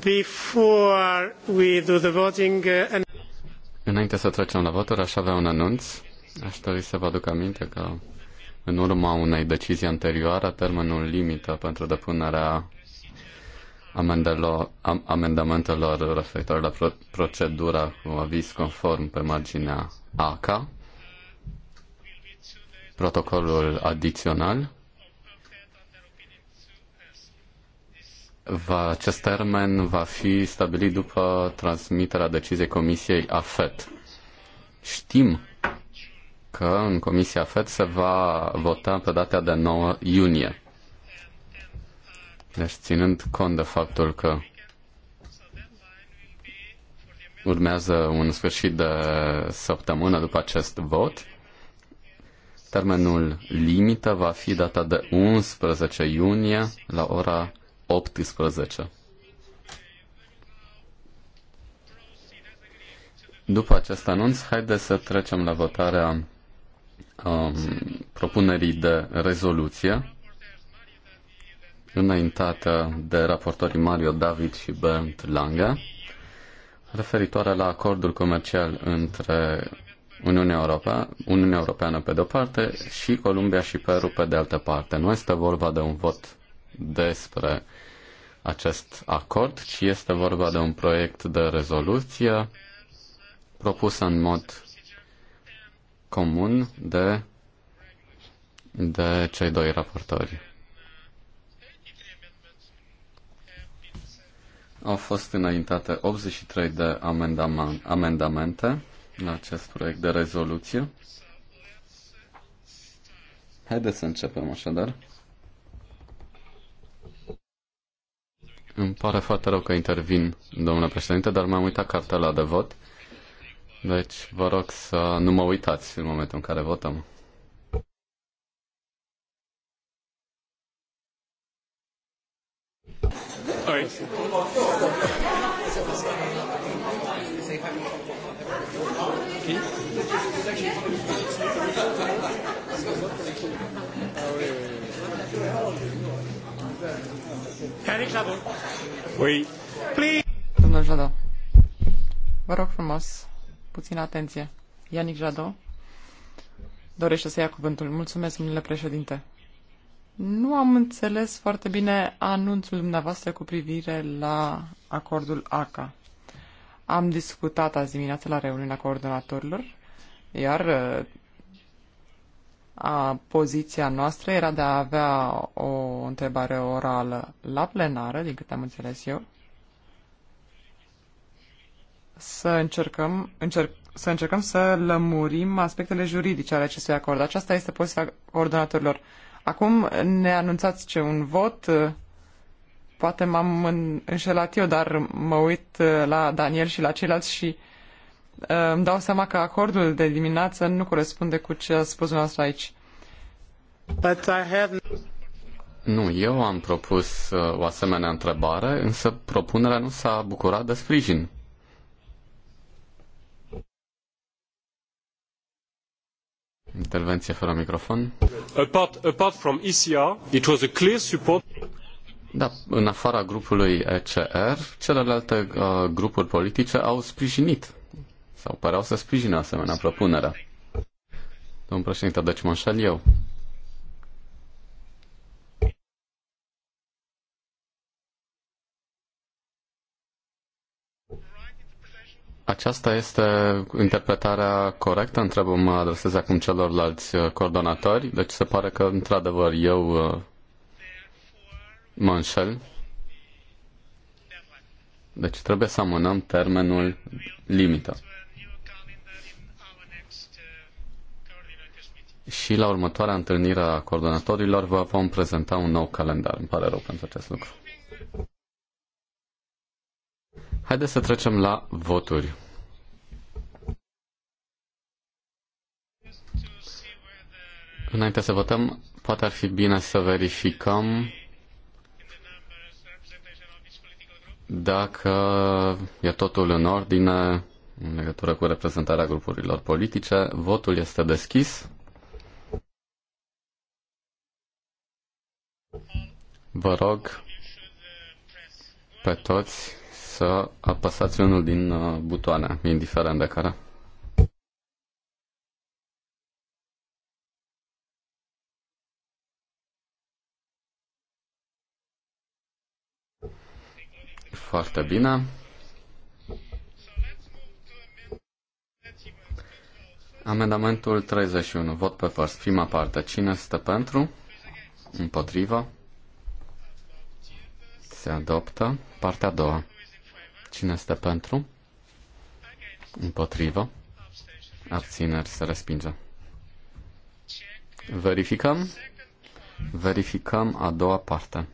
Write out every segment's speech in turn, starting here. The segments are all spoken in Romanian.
Before we do the voting, uh, Înainte să trecem la votor, aș avea un anunț. Aș dori să vă aduc aminte că în urma unei decizii anterioare, termenul limită pentru depunerea amendamentelor referitoare la procedura cu aviz conform pe marginea AK, protocolul adițional. Va, acest termen va fi stabilit după transmiterea deciziei Comisiei AFET. Știm că în Comisia AFET se va vota pe data de 9 iunie. Deci, ținând cont de faptul că urmează un sfârșit de săptămână după acest vot, termenul limită va fi data de 11 iunie la ora 18. După acest anunț, haideți să trecem la votarea um, propunerii de rezoluție înaintată de raportorii Mario David și Bernd Lange, referitoare la acordul comercial între Uniunea, Europa, Uniunea Europeană pe de-o parte și Columbia și Peru pe de altă parte. Nu este vorba de un vot despre acest acord, ci este vorba de un proiect de rezoluție propus în mod comun de, de cei doi raportori. Au fost înaintate 83 de amendamente la acest proiect de rezoluție. Haideți să începem așadar. Îmi pare foarte rău că intervin, domnule președinte, dar m am uitat cartela de vot. Deci vă rog să nu mă uitați în momentul în care votăm. All right. Domnul vă rog frumos, puțină atenție. Ianic Jadot dorește să ia cuvântul. Mulțumesc, domnule președinte. Nu am înțeles foarte bine anunțul dumneavoastră cu privire la acordul ACA. Am discutat azi dimineață la reuniunea coordonatorilor, iar a poziția noastră era de a avea o întrebare orală la plenară, din câte am înțeles eu, să încercăm, încerc, să încercăm să lămurim aspectele juridice ale acestui acord. Aceasta este poziția coordonatorilor. Acum ne anunțați ce un vot, poate m-am înșelat eu, dar mă uit la Daniel și la ceilalți și uh, Uh, îmi dau seama că acordul de dimineață nu corespunde cu ce a spus dumneavoastră aici. But I have... Nu, eu am propus uh, o asemenea întrebare, însă propunerea nu s-a bucurat de sprijin. Intervenție fără microfon. Apart, apart from ECR, it was a clear support... Da, în afara grupului ECR, celelalte uh, grupuri politice au sprijinit sau păreau să sprijină asemenea propunerea. Domnul președinte, deci mă înșel eu. Aceasta este interpretarea corectă, întrebă, mă adresez acum celorlalți uh, coordonatori, deci se pare că, într-adevăr, eu uh, mă înșel. Deci trebuie să amânăm termenul limită. și la următoarea întâlnire a coordonatorilor vă vom prezenta un nou calendar. Îmi pare rău pentru acest lucru. Haideți să trecem la voturi. Înainte să votăm, poate ar fi bine să verificăm dacă e totul în ordine în legătură cu reprezentarea grupurilor politice. Votul este deschis. Vă rog pe toți să apăsați unul din uh, butoane, indiferent de care. Foarte bine. Amendamentul 31. Vot pe părți. Prima parte. Cine stă pentru? Împotrivă? se adoptă. Partea a doua. Cine este pentru? Împotrivă. Abțineri se respinge. Verificăm. Verificăm a doua parte.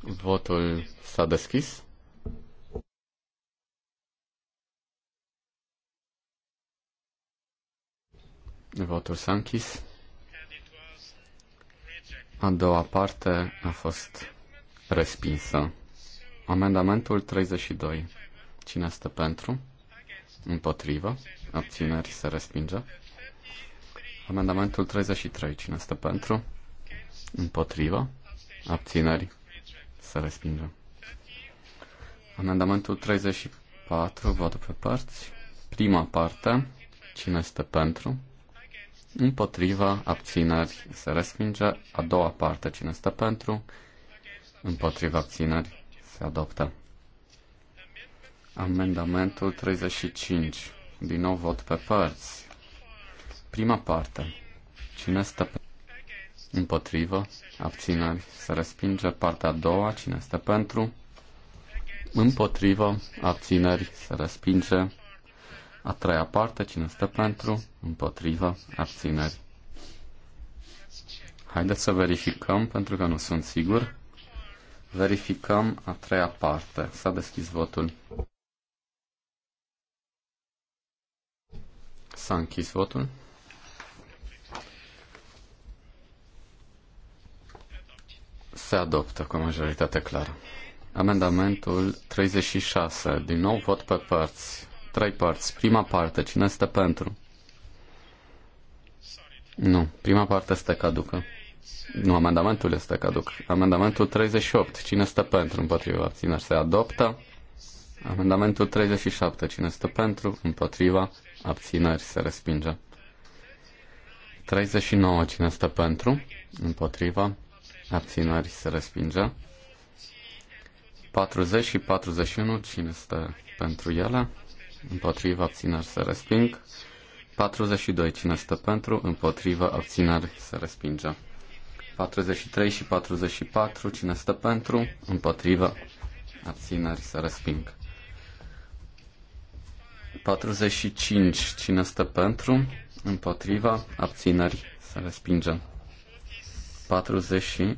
Votul s-a deschis. Votul s-a închis. A doua parte a fost respinsă. Amendamentul 32. Cine este pentru? Împotrivă. Abțineri se respinge. Amendamentul 33. Cine este pentru? Împotrivă. Abțineri se respinge. Amendamentul 34. Vot pe părți. Prima parte. Cine este pentru? împotriva, abțineri, se respinge. A doua parte, cine stă pentru, împotriva, abțineri, se adoptă. Amendamentul 35. Din nou vot pe părți. Prima parte. Cine stă pe... împotriva Abțineri. Se respinge. Partea a doua. Cine stă pentru? împotriva Abțineri. Se respinge. A treia parte, cine stă pentru, împotriva, abțineri. Haideți să verificăm, pentru că nu sunt sigur. Verificăm a treia parte. S-a deschis votul. S-a închis votul. Se adoptă cu majoritate clară. Amendamentul 36. Din nou vot pe părți trei părți. Prima parte, cine este pentru? Nu, prima parte este caducă. Nu, amendamentul este caduc. Amendamentul 38, cine este pentru? Împotriva, abțineri se adoptă. Amendamentul 37, cine este pentru? Împotriva, abțineri se respinge. 39, cine este pentru? Împotriva, abțineri se respinge. 40 și 41, cine este pentru ele? împotriva abțineri se resping. 42. Cine stă pentru, împotriva abțineri se respinge. 43 și 44. Cine stă pentru, împotriva abțineri se resping. 45. Cine stă pentru, împotriva abțineri se respinge. 40 și...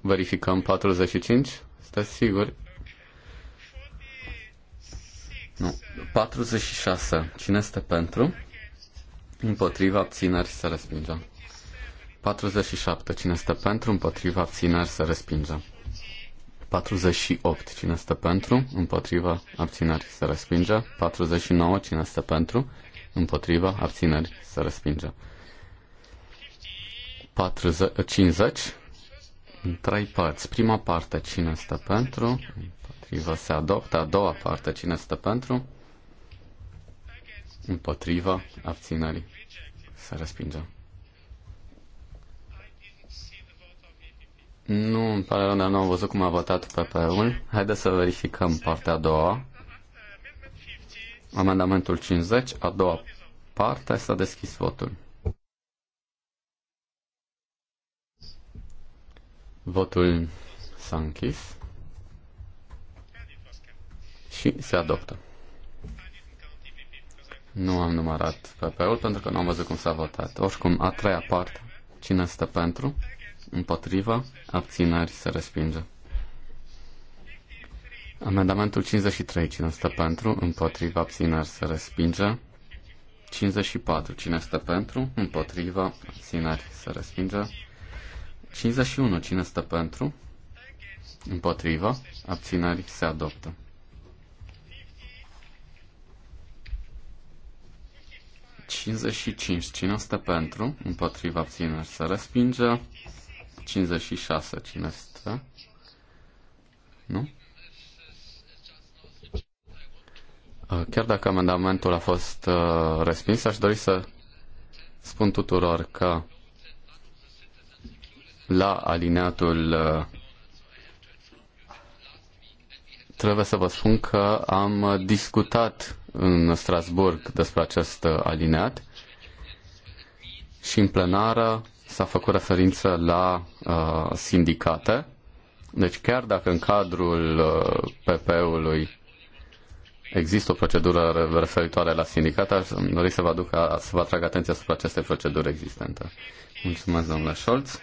verificăm 45? Sunteți siguri? Nu. 46. Cine este pentru? Împotriva abțineri să respinge. 47. Cine este pentru? Împotriva abțineri să respinge. 48. Cine este pentru? Împotriva abțineri să respinge. 49. Cine este pentru? Împotriva abțineri să respinge. 50. În trei părți. Prima parte. Cine este pentru? împotrivă, se adoptă. A doua parte, cine stă pentru? Împotriva, abținerii, se respinge. Nu, îmi pare rău, dar nu am văzut cum a votat PP-ul. Haideți să verificăm partea a doua. Amendamentul 50, a doua parte, s-a deschis votul. Votul s-a închis și se adoptă. Nu am numărat Pe ul pentru că nu am văzut cum s-a votat. Oricum, a treia parte, cine stă pentru, împotriva, abțineri, se respinge. Amendamentul 53, cine stă pentru, împotriva, abțineri, se respinge. 54, cine stă pentru, împotriva, abțineri, se respinge. 51, cine stă pentru, împotriva, abțineri, se adoptă. 55. Cine este pentru? Împotriva abțineri se respinge. 56. Cine este? Nu? Chiar dacă amendamentul a fost respins, aș dori să spun tuturor că la alineatul trebuie să vă spun că am discutat în Strasburg despre acest uh, alineat și în plenară s-a făcut referință la uh, sindicate. Deci chiar dacă în cadrul uh, PP-ului există o procedură referitoare la sindicate, aș dori să vă, aduc, să vă atrag atenția asupra acestei proceduri existente. Mulțumesc, domnule Scholz.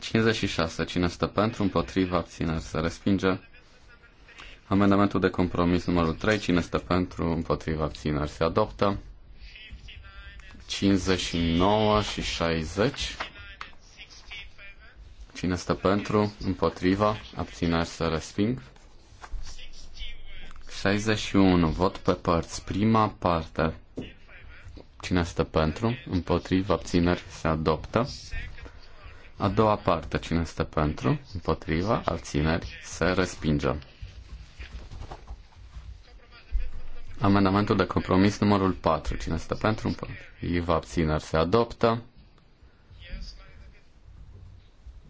56. Cine stă pentru, împotriva, abțineri, se respinge. Amendamentul de compromis numărul 3. Cine este pentru? Împotriva abțineri se adoptă. 59 și 60. Cine este pentru? Împotriva? Abțineri se resping. 61. Vot pe părți. Prima parte. Cine este pentru? Împotriva? Abțineri se adoptă. A doua parte. Cine este pentru? Împotriva? Abțineri se respinge. Amendamentul de compromis numărul 4. Cine stă pentru? un Iva abțineri se adoptă.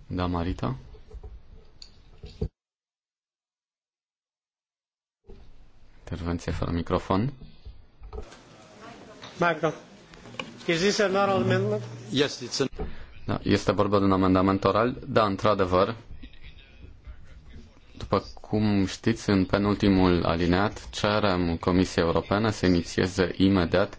Da, Marita? Intervenție fără microfon. Micro. Is this an oral amendment? Yes, it's an... Da, este vorba de un amendament oral? Da, într adevăr După cum știți, în penultimul alineat cerem Comisiei Europene să inițieze imediat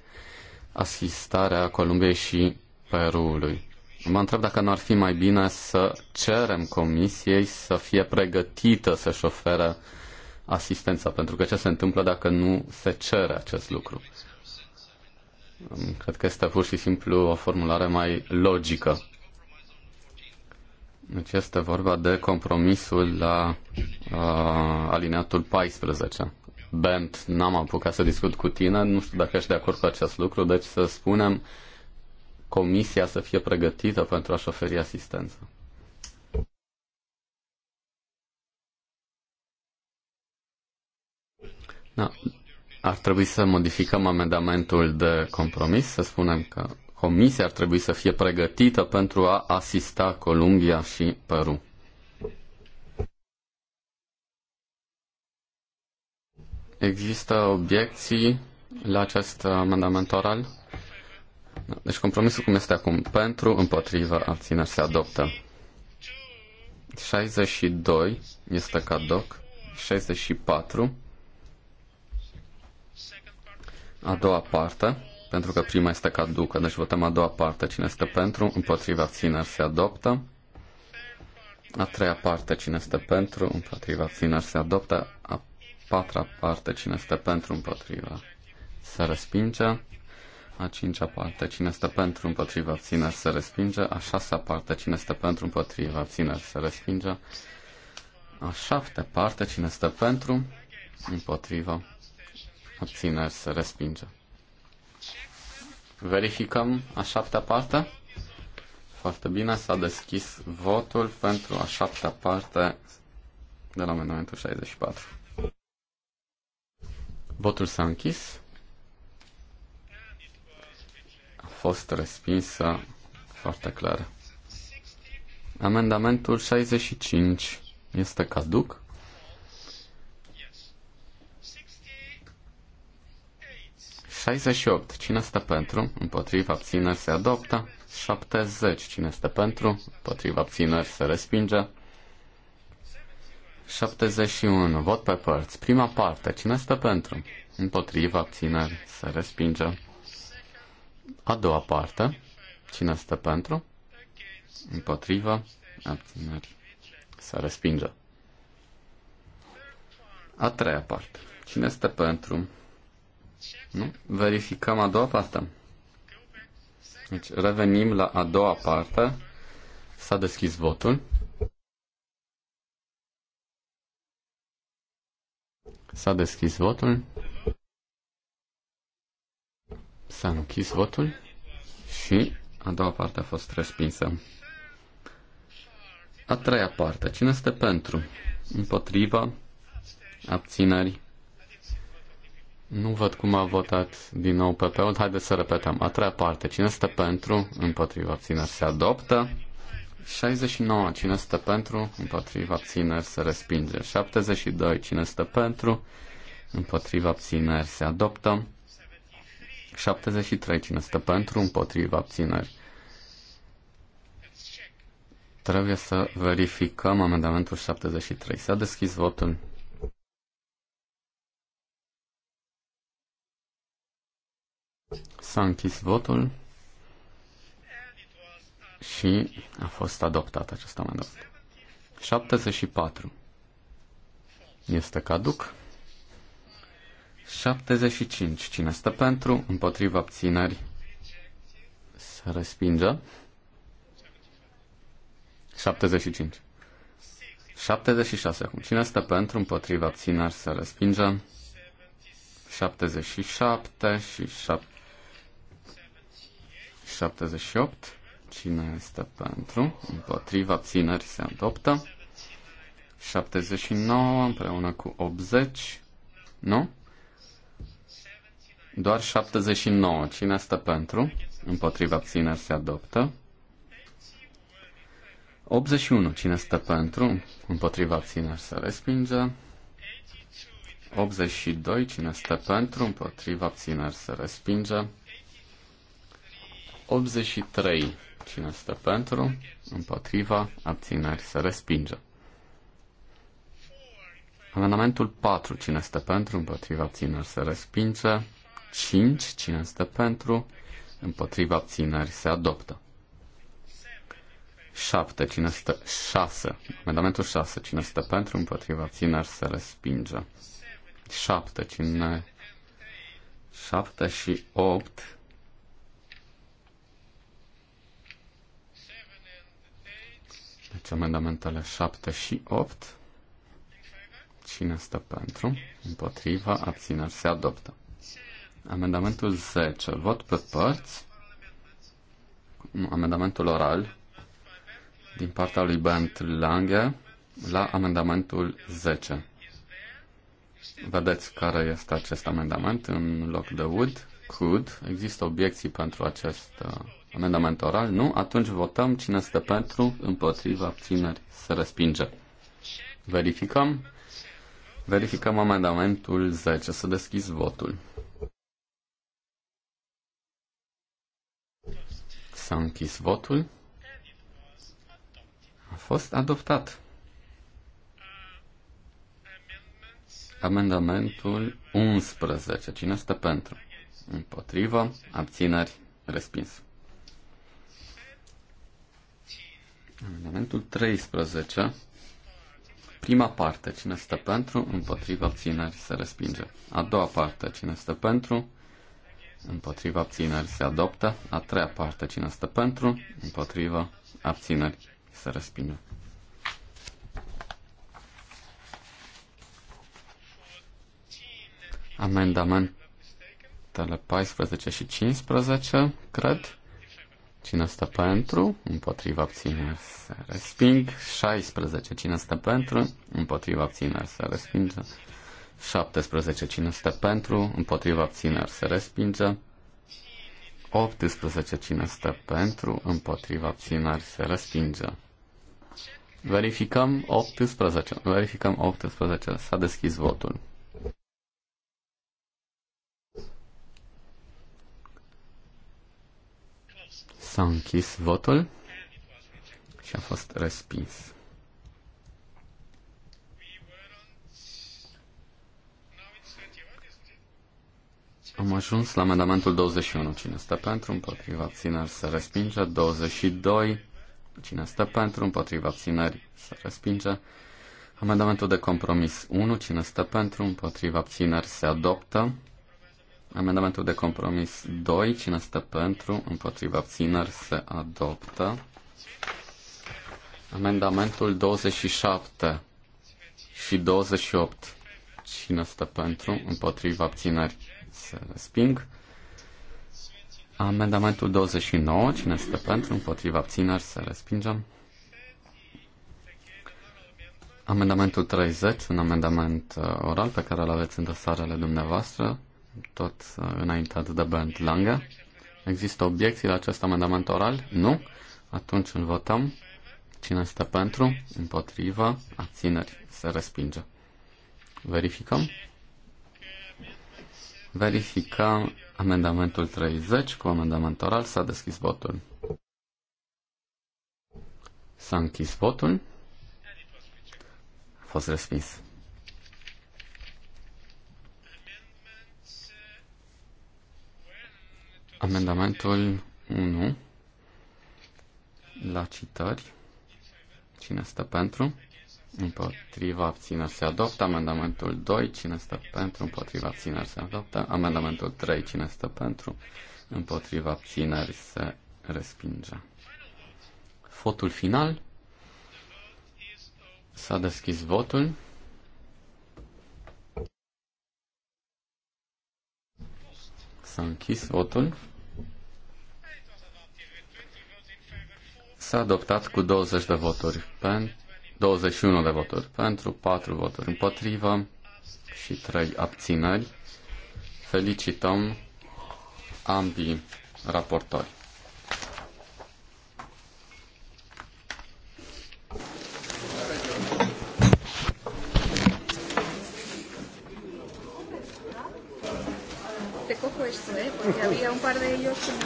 asistarea Columbiei și Peruului. Mă întreb dacă nu ar fi mai bine să cerem Comisiei să fie pregătită să-și oferă asistența, pentru că ce se întâmplă dacă nu se cere acest lucru? Cred că este pur și simplu o formulare mai logică. Deci este vorba de compromisul la uh, alineatul 14. Bent, n-am apucat să discut cu tine, nu știu dacă ești de acord cu acest lucru, deci să spunem comisia să fie pregătită pentru a-și oferi asistență. Da. Ar trebui să modificăm amendamentul de compromis, să spunem că Comisia ar trebui să fie pregătită pentru a asista Columbia și Peru. Există obiecții la acest amendament oral? Deci compromisul cum este acum? Pentru, împotrivă, abțineri se adoptă. 62 este cadoc. 64. A doua parte pentru că prima este caducă. Deci votăm a doua parte. Cine este pentru? Împotriva abțineri se adoptă. A treia parte. Cine este pentru? Împotriva abțineri se adoptă. A patra parte. Cine este pentru? Împotriva se respinge. A cincea parte. Cine este pentru? Împotriva abțineri se respinge. A șasea parte. Cine este pentru? Împotriva abțineri se respinge. A șaptea parte. Cine este pentru? Împotriva abțineri se respinge. Verificăm a șaptea parte. Foarte bine, s-a deschis votul pentru a șaptea parte de la amendamentul 64. Votul s-a închis. A fost respinsă foarte clar. Amendamentul 65 este caduc. 68. Cine este pentru? Împotriva abțineri se adoptă. 70. Cine este pentru? Împotriva abțineri se respinge. 71. Vot pe părți. Prima parte. Cine este pentru? Împotriva abțineri se respinge. A doua parte. Cine este pentru? Împotriva abțineri se respinge. A treia parte. Cine este pentru? Nu? Verificăm a doua parte. Deci revenim la a doua parte. S-a deschis votul. S-a deschis votul. S-a închis votul și a doua parte a fost respinsă. A treia parte. Cine este pentru? Împotriva? Abțineri? Nu văd cum a votat din nou PP-ul. Haideți să repetăm. A treia parte. Cine este pentru? Împotriva abțineri se adoptă. 69. Cine este pentru? Împotriva abțineri se respinge. 72. Cine este pentru? Împotriva abțineri se adoptă. 73. Cine este pentru? Împotriva abțineri. Trebuie să verificăm amendamentul 73. S-a deschis votul. S-a închis votul și a fost adoptat acest amendament. 74 este caduc. 75. Cine stă pentru? Împotriva abțineri se respinge. 75. 76 acum. Cine stă pentru? Împotriva abțineri se respinge. 77 și 7 78. Cine este pentru? Împotriva țineri se adoptă. 79 împreună cu 80. Nu? Doar 79. Cine este pentru? Împotriva țineri se adoptă. 81. Cine este pentru? Împotriva țineri se respinge. 82. Cine este pentru? Împotriva țineri se respinge. 83. Cine stă pentru? Împotriva. Abțineri. Se respinge. Amendamentul 4. Cine stă pentru? Împotriva. Abțineri. Se respinge. 5. Cine stă pentru? Împotriva. Abțineri. Se adoptă. 7. Cine stă, 6. Amendamentul 6. Cine stă pentru? Împotriva. Abțineri. Se respinge. 7. Cine 7 și 8 Deci amendamentele 7 și 8. Cine stă pentru? Împotriva, abțineri, se adoptă. Amendamentul 10. Vot pe părți. Amendamentul oral din partea lui Bent Lange la amendamentul 10. Vedeți care este acest amendament în loc de would, could. Există obiecții pentru acest uh, Amendament oral? Nu. Atunci votăm cine stă pentru, împotriva, abțineri, se respinge. Verificăm. Verificăm amendamentul 10. Să deschis votul. S-a închis votul. A fost adoptat. Amendamentul 11. Cine stă pentru? Împotrivă. Abțineri. Respins. Amendamentul 13. Prima parte, cine stă pentru, împotriva abțineri se respinge. A doua parte, cine stă pentru, împotriva abțineri se adoptă. A treia parte, cine stă pentru, împotriva abțineri se respinge. Amendamentele 14 și 15, cred. Cine stă pentru? Împotriva abțineri se resping. 16. Cine stă pentru? Împotriva abțineri se respinge. 17. Cine stă pentru? Împotriva abțineri se respinge. 18. Cine stă pentru? Împotriva abțineri se respinge. Verificăm 18. Verificăm 18. S-a deschis votul. S-a închis votul și a fost respins. Am ajuns la amendamentul 21. Cine stă pentru, împotriva abțineri, se respinge. 22. Cine stă pentru, împotriva abțineri, se respinge. Amendamentul de compromis 1. Cine stă pentru, împotriva abțineri, se adoptă. Amendamentul de compromis 2, cine stă pentru, împotriva abțineri, se adoptă. Amendamentul 27 și 28, cine stă pentru, împotriva abțineri, se resping. Amendamentul 29, cine stă pentru, împotriva abțineri, se respingem. Amendamentul 30, un amendament uh, oral pe care îl aveți în dosarele dumneavoastră, tot uh, înaintat de Bernd Lange. Există obiecții la acest amendament oral? Nu? Atunci îl votăm. Cine este pentru? Împotrivă? Abțineri? Se respinge. Verificăm. Verificăm amendamentul 30 cu amendament oral. S-a deschis votul. S-a închis votul. A fost respins. Amendamentul 1 la citări. Cine stă pentru? Împotriva abțineri se adoptă. Amendamentul 2. Cine stă pentru? Împotriva abțineri se adoptă. Amendamentul 3. Cine stă pentru? Împotriva abțineri se respinge. Votul final. S-a deschis votul. S-a închis votul. s-a adoptat cu 20 de voturi pentru, 21 de voturi pentru, 4 voturi împotrivă și 3 abțineri. Felicităm ambii raportori. Te cojo esto, ¿eh? Porque había un par de ellos que no...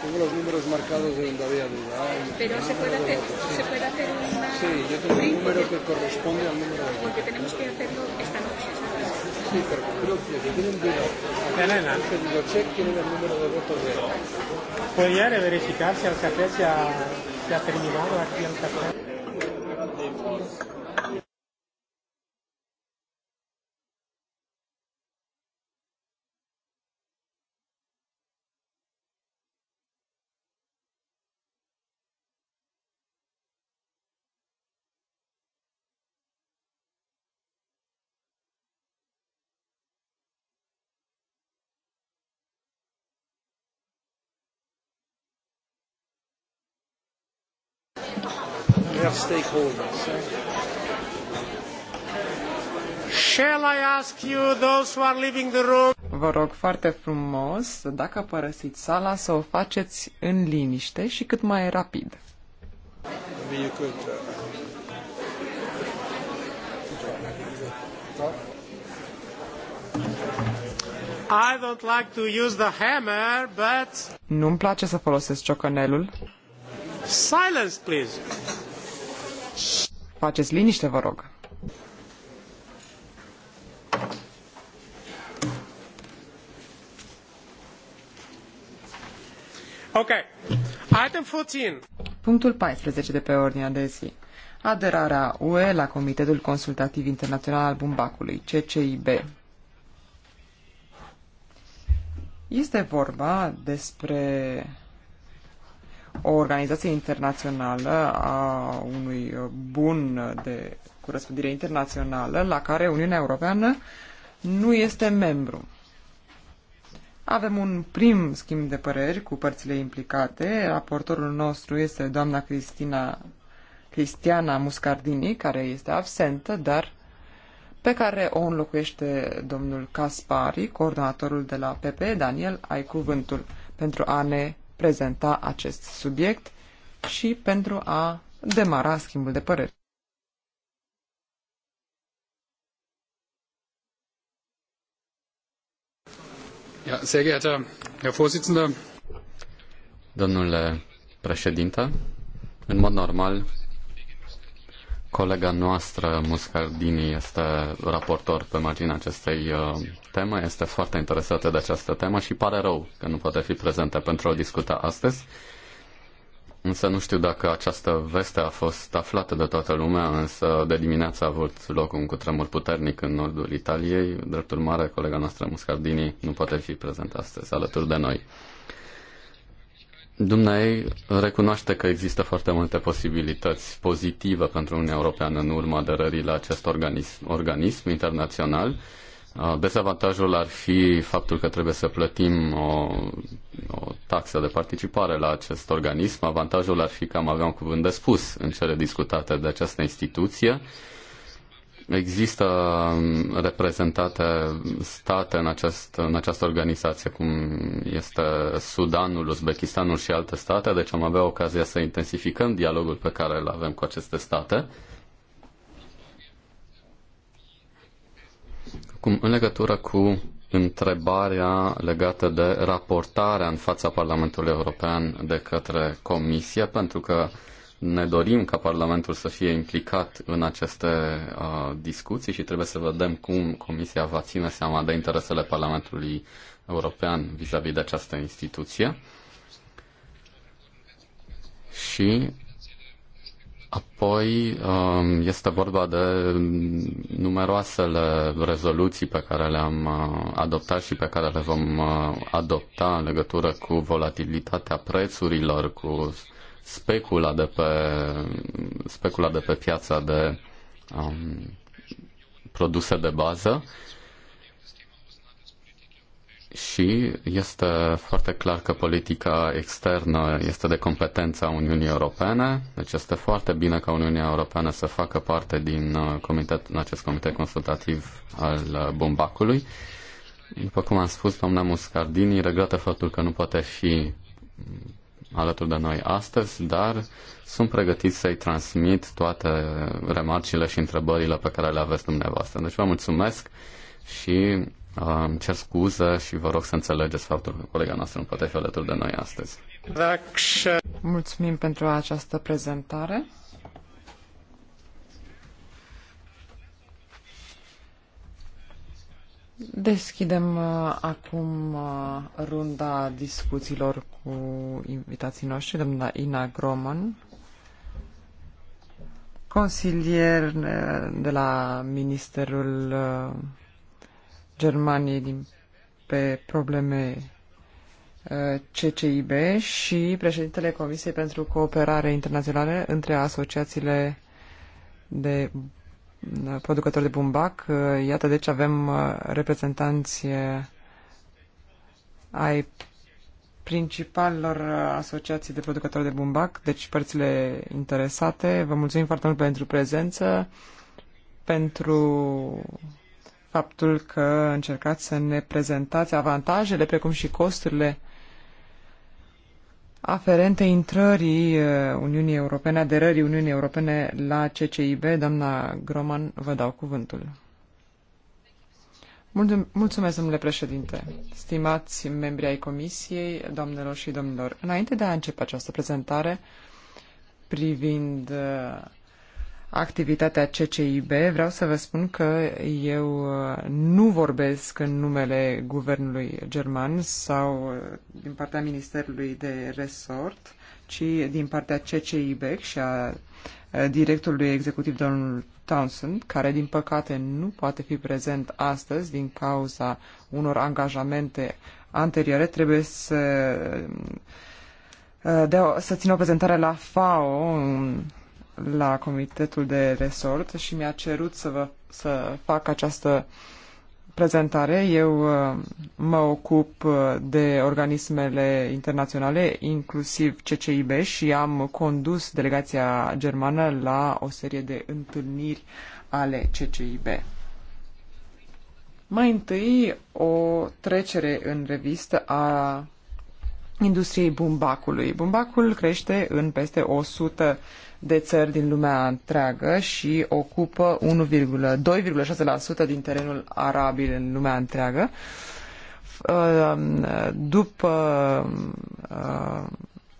Tengo los números marcados de donde había duda. ¿eh? Pero se puede, hacer, sí. se puede hacer una... Sí, yo tengo un número que corresponde al número de... Porque tenemos que hacerlo esta noche. Sí, pero creo que si tienen duda... Elena. Que lo tienen el número de votos de... verificar si el café se ha, se ha terminado terminato aquí el café. have stakeholders. Shall I ask you, those who are leaving the room? Vă rog foarte frumos, dacă părăsiți sala, să o faceți în liniște și cât mai rapid. Uh, I don't like to use the hammer, but... Nu-mi place să folosesc ciocanelul. Silence, please. Faceți liniște, vă rog. Ok. Item 14. Punctul 14 de pe ordinea de zi. Aderarea UE la Comitetul Consultativ Internațional al Bumbacului, CCIB. Este vorba despre o organizație internațională a unui bun de corespondire internațională la care Uniunea Europeană nu este membru. Avem un prim schimb de păreri cu părțile implicate. Raportorul nostru este doamna Cristina, Cristiana Muscardini, care este absentă, dar pe care o înlocuiește domnul Caspari, coordonatorul de la PP. Daniel, ai cuvântul pentru a ne prezenta acest subiect și pentru a demara schimbul de păreri. Ja, sehr geehrter Herr Vorsitzender. Domnule președinte, în mod normal, Colega noastră, Muscardini, este raportor pe marginea acestei uh, teme, este foarte interesată de această temă și pare rău că nu poate fi prezentă pentru a discuta astăzi. Însă nu știu dacă această veste a fost aflată de toată lumea, însă de dimineață a avut loc un cutremur puternic în nordul Italiei. Drept urmare, colega noastră Muscardini nu poate fi prezentă astăzi alături de noi. Dumnezeu recunoaște că există foarte multe posibilități pozitive pentru Uniunea Europeană în urma aderării la acest organism, organism internațional. Dezavantajul ar fi faptul că trebuie să plătim o, o taxă de participare la acest organism. Avantajul ar fi că am avea un cuvânt de spus în cele discutate de această instituție. Uh, Există um, reprezentate state în, acest, în această organizație, cum este Sudanul, Uzbekistanul și alte state, deci am avea ocazia să intensificăm dialogul pe care îl avem cu aceste state. Cum în legătură cu întrebarea legată de raportarea în fața Parlamentului European de către Comisie, pentru că ne dorim ca Parlamentul să fie implicat în aceste uh, discuții și trebuie să vedem cum Comisia va ține seama de interesele Parlamentului European vis-a-vis -vis de această instituție. Și Apoi um, este vorba de numeroasele rezoluții pe care le-am uh, adoptat și pe care le vom uh, adopta în legătură cu volatilitatea prețurilor, cu specula de pe, specula de pe piața de um, produse de bază și este foarte clar că politica externă este de competența Uniunii Europene, deci este foarte bine ca Uniunea Europeană să facă parte din uh, comitet, în acest comitet consultativ al uh, Bombacului. După cum am spus, doamna Muscardini regretă faptul că nu poate fi alături de noi astăzi, dar sunt pregătit să-i transmit toate remarcile și întrebările pe care le aveți dumneavoastră. Deci vă mulțumesc și uh, cer scuze și vă rog să înțelegeți faptul că colega noastră nu poate fi alături de noi astăzi. Mulțumim pentru această prezentare. Deschidem uh, acum uh, runda discuțiilor cu invitații noștri, domnul Ina Groman, consilier uh, de la Ministerul Germaniei din, pe probleme CCIB și președintele Comisiei pentru Cooperare Internațională între asociațiile de producători de bumbac. Uh, iată, deci avem uh, reprezentanți uh, ai principalelor asociații de producători de bumbac, deci părțile interesate. Vă mulțumim foarte mult pentru prezență, pentru faptul că încercați să ne prezentați avantajele precum și costurile aferente intrării eh, Uniunii Europene, aderării Uniunii Europene la CCIB. Doamna Groman, vă dau cuvântul. Mulțumesc, domnule președinte, stimați membri ai Comisiei, doamnelor și domnilor. Înainte de a începe această prezentare privind eh, activitatea CCIB, vreau să vă spun că eu uh, nu vorbesc în numele guvernului german sau uh, din partea Ministerului de Resort, ci din partea CCIB și a uh, directorului executiv domnul Townsend, care din păcate nu poate fi prezent astăzi din cauza unor angajamente anterioare. Trebuie să, dea, să țin o prezentare la FAO, la comitetul de resort și mi-a cerut să, vă, să fac această prezentare. Eu uh, mă ocup uh, de organismele internaționale, inclusiv CCIB și am condus delegația germană la o serie de întâlniri ale CCIB. Mai întâi, o trecere în revistă a industriei bumbacului. Bumbacul crește în peste 100 de țări din lumea întreagă și ocupă 1,2,6% din terenul arabil în lumea întreagă. Uh, după uh,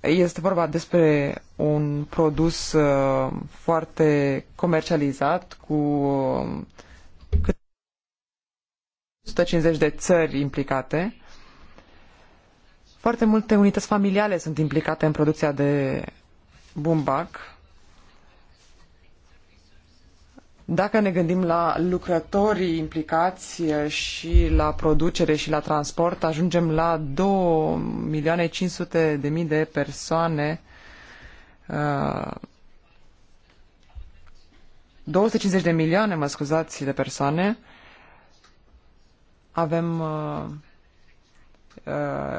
este vorba despre un produs uh, foarte comercializat cu 150 de țări implicate. Foarte multe unități familiale sunt implicate în producția de bumbac Dacă ne gândim la lucrătorii implicați și la producere și la transport, ajungem la 2.500.000 de persoane 250 uh, de milioane, mă scuzați, de persoane. Avem uh,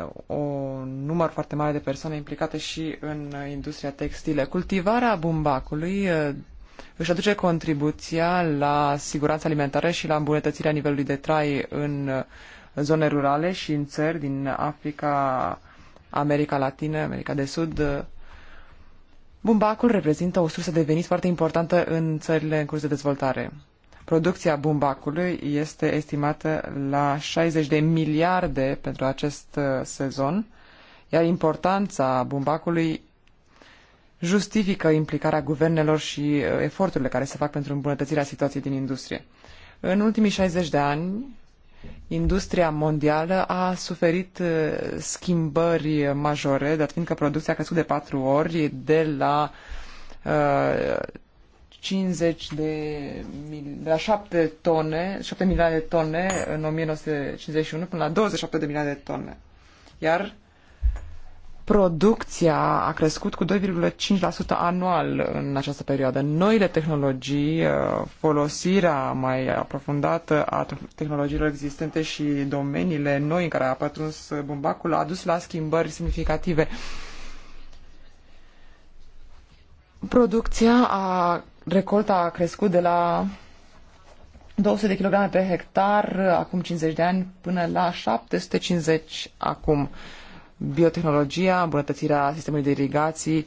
uh, un număr foarte mare de persoane implicate și în industria textilă. Cultivarea bumbacului uh, își aduce contribuția la siguranța alimentară și la îmbunătățirea nivelului de trai în zone rurale și în țări din Africa, America Latină, America de Sud. Bumbacul reprezintă o sursă de venit foarte importantă în țările în curs de dezvoltare. Producția bumbacului este estimată la 60 de miliarde pentru acest uh, sezon, iar importanța bumbacului justifică implicarea guvernelor și uh, eforturile care se fac pentru îmbunătățirea situației din industrie. În ultimii 60 de ani, industria mondială a suferit uh, schimbări majore, dat fiindcă producția a crescut de patru ori de la uh, 50 de, de la 7 tone, 7 milioane de tone în 1951 până la 27 de milioane de tone. Iar producția a crescut cu 2,5% anual în această perioadă. Noile tehnologii, uh, folosirea mai aprofundată a tehnologiilor existente și domeniile noi în care a pătruns bumbacul a adus la schimbări semnificative. Producția a recolta a crescut de la 200 de kg pe hectar acum 50 de ani până la 750 acum biotehnologia, îmbunătățirea sistemului de irigații,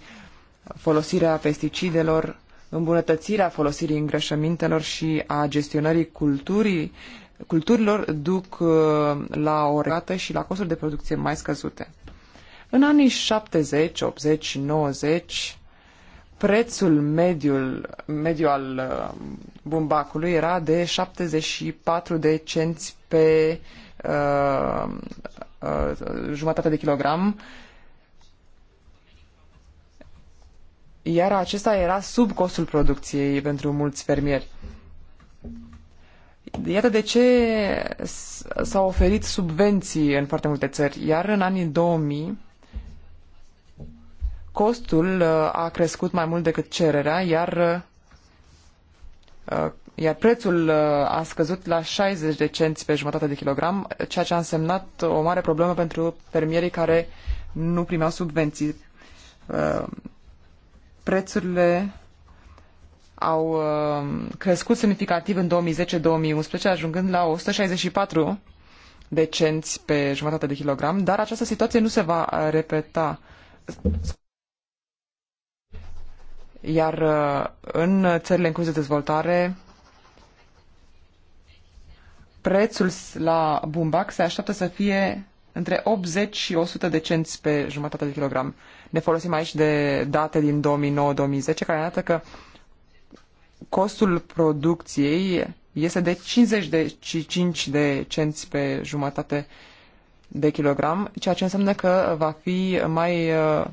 folosirea pesticidelor, îmbunătățirea folosirii îngrășămintelor și a gestionării culturii, culturilor duc uh, la o rată și la costuri de producție mai scăzute. În anii 70, 80 și 90, prețul mediul, mediu al uh, bumbacului era de 74 de cenți pe uh, Uh, jumătate de kilogram, iar acesta era sub costul producției pentru mulți fermieri. Iată de ce s-au oferit subvenții în foarte multe țări, iar în anii 2000 costul uh, a crescut mai mult decât cererea, iar uh, iar prețul uh, a scăzut la 60 de cenți pe jumătate de kilogram, ceea ce a însemnat o mare problemă pentru fermierii care nu primeau subvenții. Uh, prețurile au uh, crescut semnificativ în 2010-2011, ajungând la 164 de cenți pe jumătate de kilogram, dar această situație nu se va repeta. Iar în țările în curs de dezvoltare, Prețul la bumbac se așteaptă să fie între 80 și 100 de cenți pe jumătate de kilogram. Ne folosim aici de date din 2009-2010 care arată că costul producției este de 55 de cenți pe jumătate de kilogram, ceea ce înseamnă că va fi mai uh,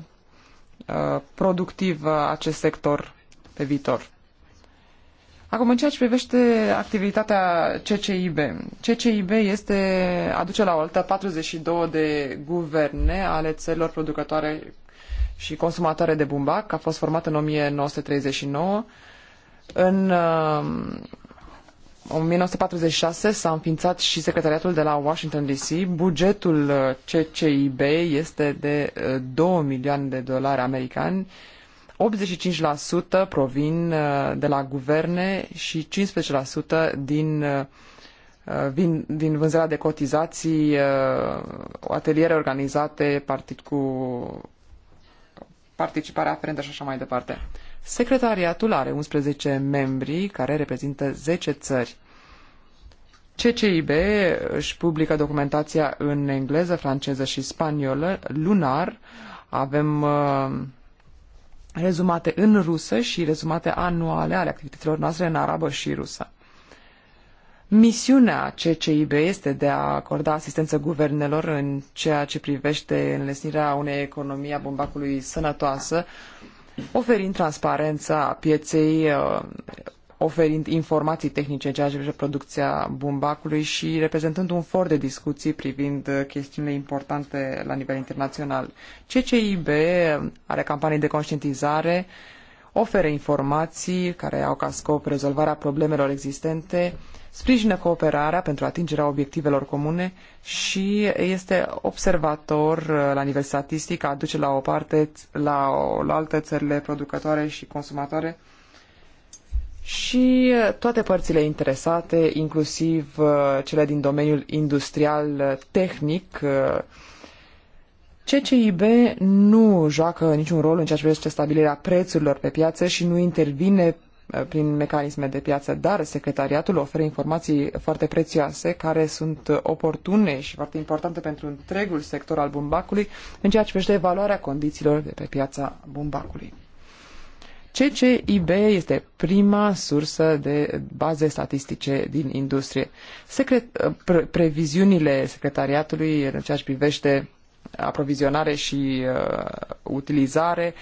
uh productiv acest sector pe viitor. Acum, în ceea ce privește activitatea CCIB, CCIB este, aduce la oaltă 42 de guverne ale țărilor producătoare și consumatoare de bumbac, a fost format în 1939. În uh, um, 1946 s-a înființat și secretariatul de la Washington DC. Bugetul uh, CCIB este de uh, 2 milioane de dolari americani, 85% provin uh, de la guverne și 15% din, uh, vin, din vânzarea de cotizații, uh, ateliere organizate partid cu participarea aferentă și așa mai departe. Secretariatul are 11 membri care reprezintă 10 țări. CCIB își publică documentația în engleză, franceză și spaniolă. Lunar avem rezumate în rusă și rezumate anuale ale activităților noastre în arabă și rusă. Misiunea CCIB este de a acorda asistență guvernelor în ceea ce privește înlesnirea unei economii a bumbacului sănătoasă, oferind transparența pieței uh, oferind informații tehnice în ceea ce privește producția bumbacului și reprezentând un for de discuții privind uh, chestiunile importante la nivel internațional. CCIB are campanii de conștientizare, oferă informații care au ca scop rezolvarea problemelor existente, sprijină cooperarea pentru atingerea obiectivelor comune și este observator uh, la nivel statistic, aduce la o parte, la, o, la altă țările producătoare și consumatoare și uh, toate părțile interesate, inclusiv uh, cele din domeniul industrial uh, tehnic. CCIB nu joacă niciun rol în ceea ce privește stabilirea prețurilor pe piață și nu intervine prin mecanisme de piață, dar secretariatul oferă informații foarte prețioase care sunt oportune și foarte importante pentru întregul sector al bumbacului în ceea ce privește evaluarea condițiilor de pe piața bumbacului. CCIB este prima sursă de baze statistice din industrie. Secret, uh, pre, previziunile secretariatului în ceea ce privește aprovizionare și uh, utilizare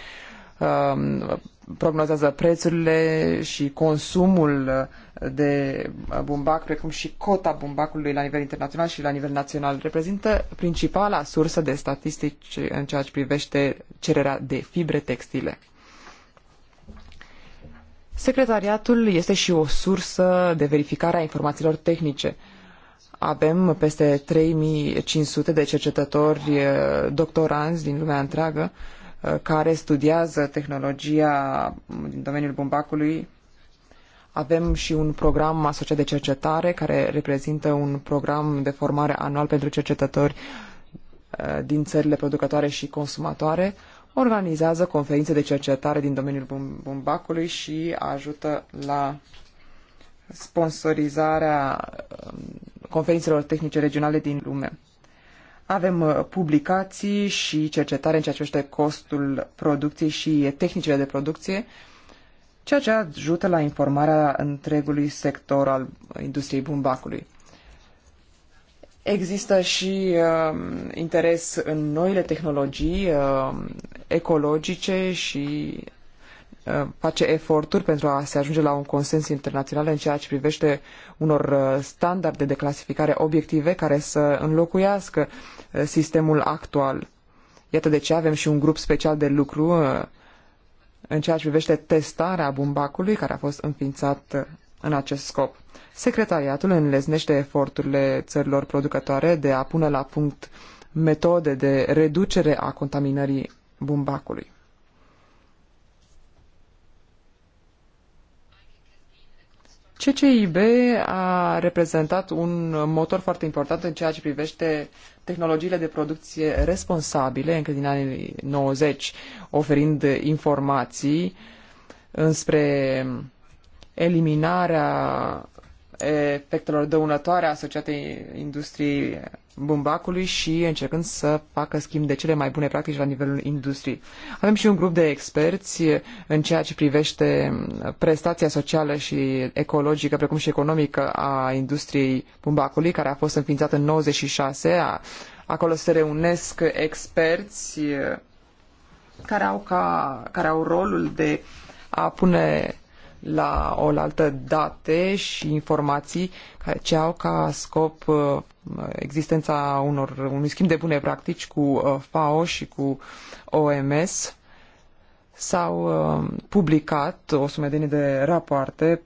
uh, prognozează prețurile și consumul de bumbac, precum și cota bumbacului la nivel internațional și la nivel național. Reprezintă principala sursă de statistici în ceea ce privește cererea de fibre textile. Secretariatul este și o sursă de verificare a informațiilor tehnice. Avem peste 3500 de cercetători eh, doctoranți din lumea întreagă eh, care studiază tehnologia din domeniul bumbacului. Avem și un program asociat de cercetare care reprezintă un program de formare anual pentru cercetători eh, din țările producătoare și consumatoare organizează conferințe de cercetare din domeniul bumbacului și ajută la sponsorizarea um, conferințelor tehnice regionale din lume. Avem uh, publicații și cercetare în ceea ce privește costul producției și tehnicile de producție, ceea ce ajută la informarea întregului sector al industriei bumbacului. Există și uh, interes în noile tehnologii uh, ecologice și uh, face eforturi pentru a se ajunge la un consens internațional în ceea ce privește unor uh, standarde de clasificare obiective care să înlocuiască uh, sistemul actual. Iată de ce avem și un grup special de lucru uh, în ceea ce privește testarea bumbacului care a fost înființat în acest scop. Secretariatul înleznește eforturile țărilor producătoare de a pune la punct metode de reducere a contaminării bumbacului. CCIB a reprezentat un motor foarte important în ceea ce privește tehnologiile de producție responsabile încă din anii 90, oferind informații înspre eliminarea efectelor dăunătoare asociate industriei bumbacului și încercând să facă schimb de cele mai bune practici la nivelul industriei. Avem și un grup de experți în ceea ce privește prestația socială și ecologică, precum și economică a industriei bumbacului, care a fost înființată în 96. Acolo se reunesc experți uh, care au, ca, care au rolul de a pune la oaltă date și informații care ce au ca scop uh, existența unor, unui schimb de bune practici cu uh, FAO și cu OMS. S-au uh, publicat o sumedenie de rapoarte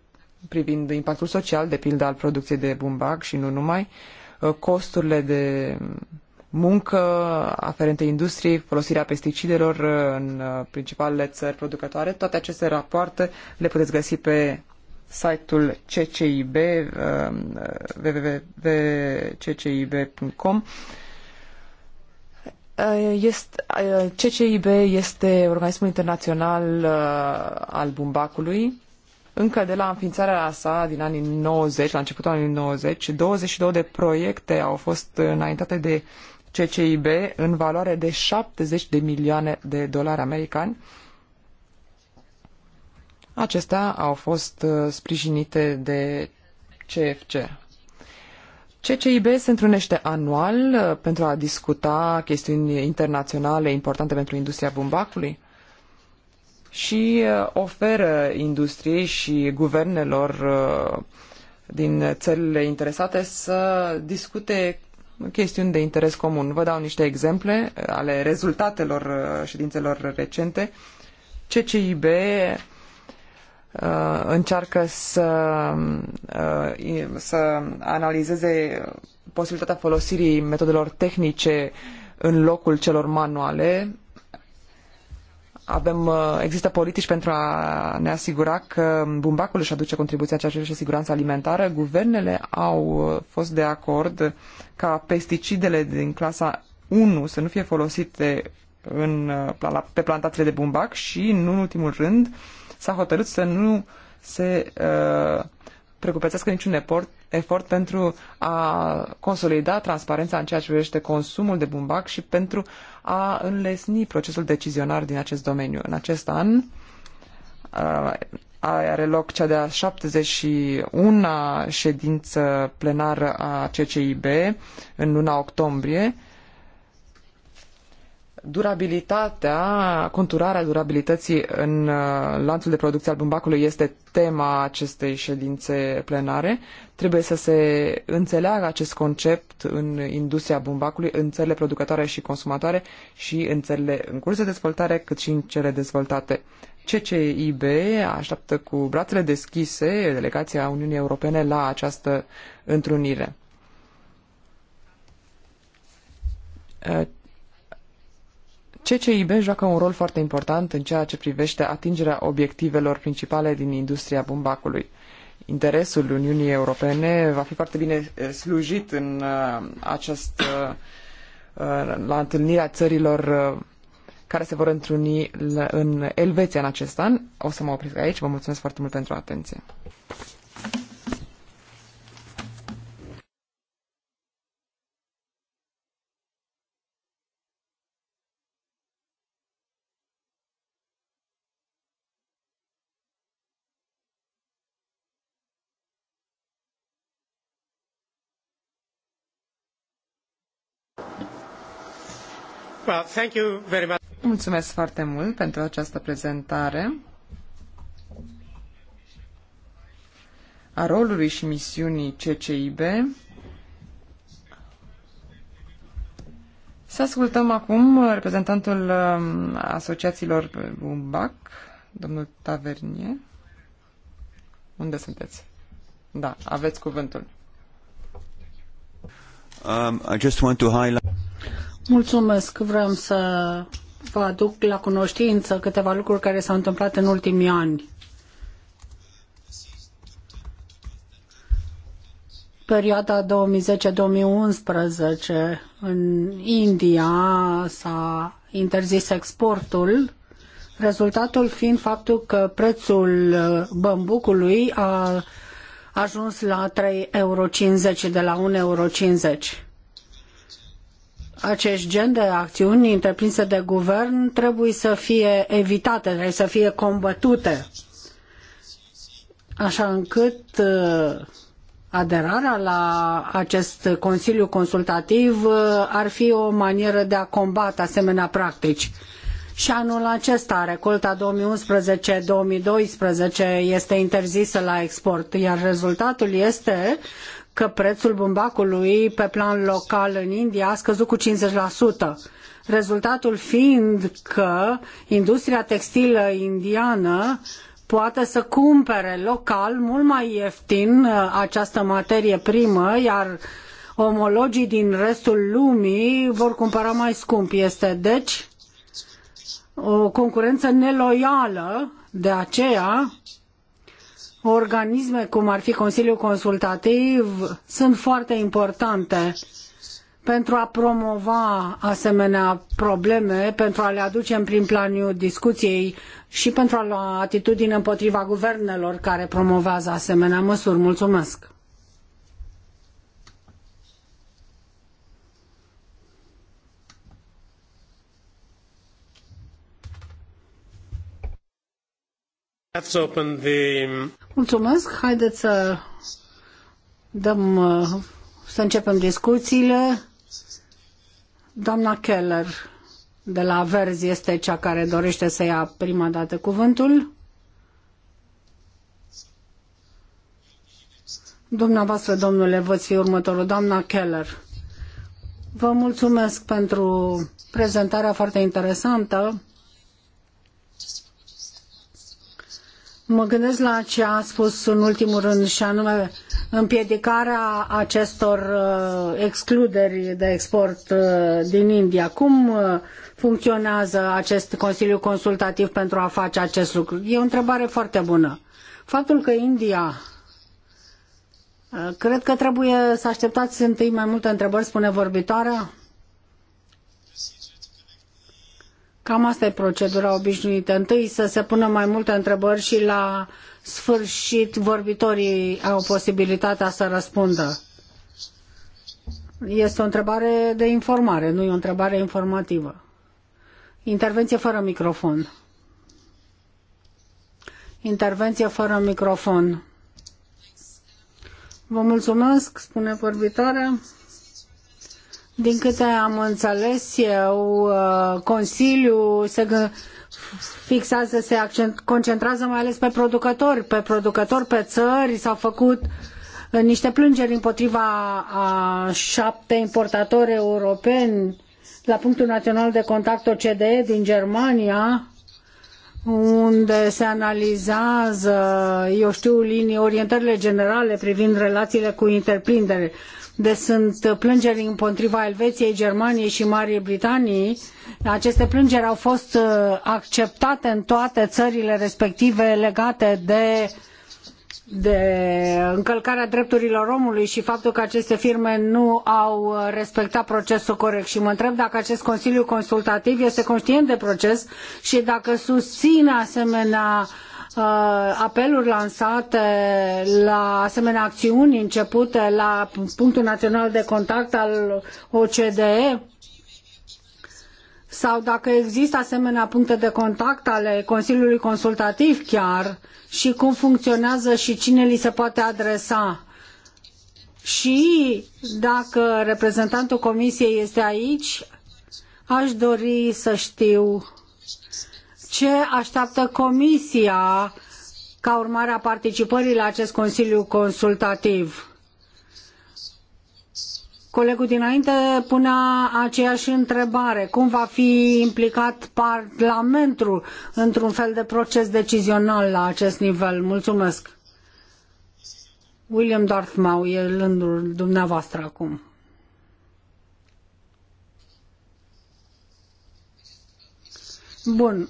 privind impactul social, de pildă al producției de bumbac și nu numai, costurile de muncă aferente industriei, folosirea pesticidelor în uh, principalele țări producătoare. Toate aceste rapoarte le puteți găsi pe site-ul CCIB, um, uh, www.ccib.com. Uh, este, CCIB este organismul internațional al bumbacului. Încă de la înființarea sa din anii 90, la începutul anilor 90, 22 de proiecte au fost înaintate de uh, CCIB în valoare de 70 de milioane de dolari americani. Acestea au fost uh, sprijinite de CFC. CCIB se întrunește anual uh, pentru a discuta chestiuni internaționale importante pentru industria bumbacului și uh, oferă industriei și guvernelor din țările interesate să discute chestiuni de interes comun. Vă dau niște exemple ale rezultatelor uh, ședințelor recente. CCIB uh, încearcă să, uh, să analizeze posibilitatea folosirii metodelor tehnice în locul celor manuale avem, uh, există politici pentru a ne asigura că bumbacul își aduce contribuția ceea ce privește siguranța alimentară. Guvernele au uh, fost de acord ca pesticidele din clasa 1 să nu fie folosite în, uh, pe plantațiile de bumbac și, nu în ultimul rând, s-a hotărât să nu se uh, precupețească niciun efort efort pentru a consolida transparența în ceea ce privește consumul de bumbac și pentru a înlesni procesul decizionar din acest domeniu. În acest an are loc cea de-a 71-a ședință plenară a CCIB în luna octombrie durabilitatea, conturarea durabilității în uh, lanțul de producție al bumbacului este tema acestei ședințe plenare. Trebuie să se înțeleagă acest concept în industria bumbacului, în țările producătoare și consumatoare și în țările în curs de dezvoltare, cât și în cele dezvoltate. CCIB așteaptă cu brațele deschise delegația Uniunii Europene la această întrunire. Uh, CCIB joacă un rol foarte important în ceea ce privește atingerea obiectivelor principale din industria bumbacului. Interesul Uniunii Europene va fi foarte bine eh, slujit în eh, acest, eh, la întâlnirea țărilor care se vor întruni în Elveția în acest an. O să mă opresc aici. Vă mulțumesc foarte mult pentru atenție. Mulțumesc foarte mult pentru această prezentare a rolului și misiunii CCIB. Să ascultăm acum reprezentantul um, asociațiilor BUMBAC, domnul Tavernier. Unde sunteți? Da, aveți cuvântul. Um, I just want to highlight... Mulțumesc. Vreau să vă aduc la cunoștință câteva lucruri care s-au întâmplat în ultimii ani. Perioada 2010-2011 în India s-a interzis exportul, rezultatul fiind faptul că prețul bambucului a ajuns la 3,50 euro de la 1,50 euro acest gen de acțiuni întreprinse de guvern trebuie să fie evitate, trebuie să fie combătute, așa încât uh, aderarea la acest Consiliu Consultativ uh, ar fi o manieră de a combate asemenea practici. Și anul acesta, recolta 2011-2012 este interzisă la export, iar rezultatul este că prețul bumbacului pe plan local în India a scăzut cu 50%, rezultatul fiind că industria textilă indiană poate să cumpere local mult mai ieftin uh, această materie primă, iar omologii din restul lumii vor cumpăra mai scump. Este deci o concurență neloială, de aceea organisme cum ar fi Consiliul Consultativ sunt foarte importante pentru a promova asemenea probleme, pentru a le aduce în prim planul discuției și pentru a lua atitudine împotriva guvernelor care promovează asemenea măsuri. Mulțumesc! Mulțumesc. Haideți să dăm, să începem discuțiile. Doamna Keller de la Verzi este cea care dorește să ia prima dată cuvântul. Dumneavoastră, domnule, veți fi următorul. Doamna Keller, vă mulțumesc pentru prezentarea foarte interesantă Mă gândesc la ce a spus în ultimul rând și anume împiedicarea acestor uh, excluderi de export uh, din India. Cum uh, funcționează acest Consiliu Consultativ pentru a face acest lucru? E o întrebare foarte bună. Faptul că India Cred că trebuie să așteptați întâi mai multe întrebări, spune vorbitoarea. Cam asta e procedura obișnuită. Întâi să se pună mai multe întrebări și la sfârșit vorbitorii au posibilitatea să răspundă. Este o întrebare de informare, nu e o întrebare informativă. Intervenție fără microfon. Intervenție fără microfon. Vă mulțumesc, spune vorbitoarea. Din câte am înțeles eu, uh, Consiliul se fixează, se accent, concentrează mai ales pe producători, pe producători, pe țări, s-au făcut uh, niște plângeri împotriva a șapte importatori europeni la punctul național de contact OCDE din Germania, unde se analizează, eu știu, linii, orientările generale privind relațiile cu întreprindere de sunt plângeri împotriva Elveției, Germaniei și Marii Britanii. Aceste plângeri au fost uh, acceptate în toate țările respective legate de de încălcarea drepturilor omului și faptul că aceste firme nu au respectat procesul corect. Și mă întreb dacă acest Consiliu Consultativ este conștient de proces și dacă susține asemenea uh, Uh, apeluri lansate la asemenea acțiuni începute la punctul național de contact al OCDE? Sau dacă există asemenea puncte de contact ale Consiliului Consultativ chiar și cum funcționează și cine li se poate adresa? Și dacă reprezentantul Comisiei este aici, aș dori să știu ce așteaptă Comisia ca urmare a participării la acest Consiliu Consultativ. Colegul dinainte punea aceeași întrebare. Cum va fi implicat Parlamentul într-un fel de proces decizional la acest nivel? Mulțumesc. William Dartmau e rândul dumneavoastră acum. Bun.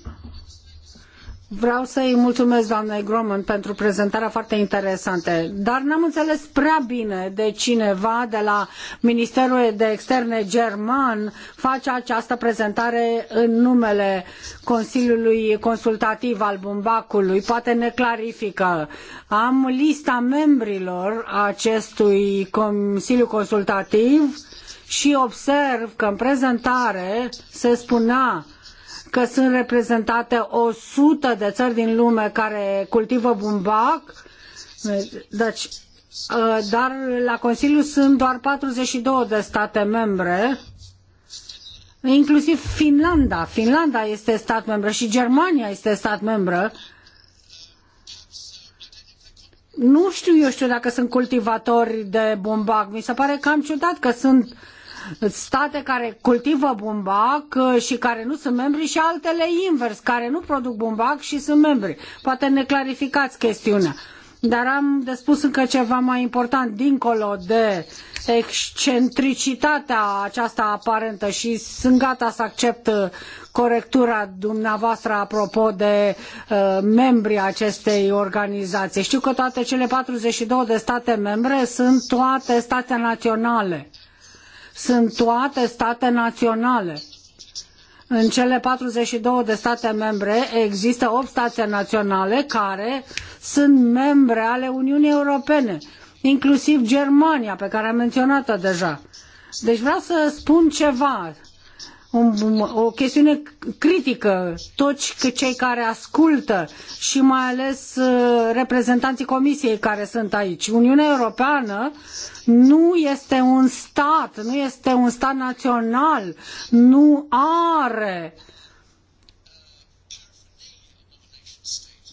Vreau să îi mulțumesc doamnei Groman pentru prezentarea foarte interesantă, dar n-am înțeles prea bine de cineva de la Ministerul de Externe german face această prezentare în numele Consiliului Consultativ al Bumbacului. Poate ne clarifică. Am lista membrilor acestui Consiliu Consultativ și observ că în prezentare se spunea că sunt reprezentate 100 de țări din lume care cultivă bumbac, deci, ă, dar la Consiliu sunt doar 42 de state membre, inclusiv Finlanda. Finlanda este stat membru și Germania este stat membru. Nu știu, eu știu dacă sunt cultivatori de bumbac. Mi se pare cam ciudat că sunt state care cultivă bumbac uh, și care nu sunt membri și altele invers, care nu produc bumbac și sunt membri. Poate ne clarificați chestiunea. Dar am de spus încă ceva mai important, dincolo de excentricitatea aceasta aparentă și sunt gata să accept uh, corectura dumneavoastră apropo de uh, membrii acestei organizații. Știu că toate cele 42 de state membre sunt toate state naționale. Uh, sunt toate state naționale. În cele 42 de state membre există 8 state naționale care sunt membre ale Uniunii Europene, inclusiv Germania, pe care am menționat-o deja. Deci vreau să spun ceva o chestiune critică. Toți cei care ascultă și mai ales uh, reprezentanții Comisiei care sunt aici. Uniunea Europeană nu este un stat, nu este un stat național, nu are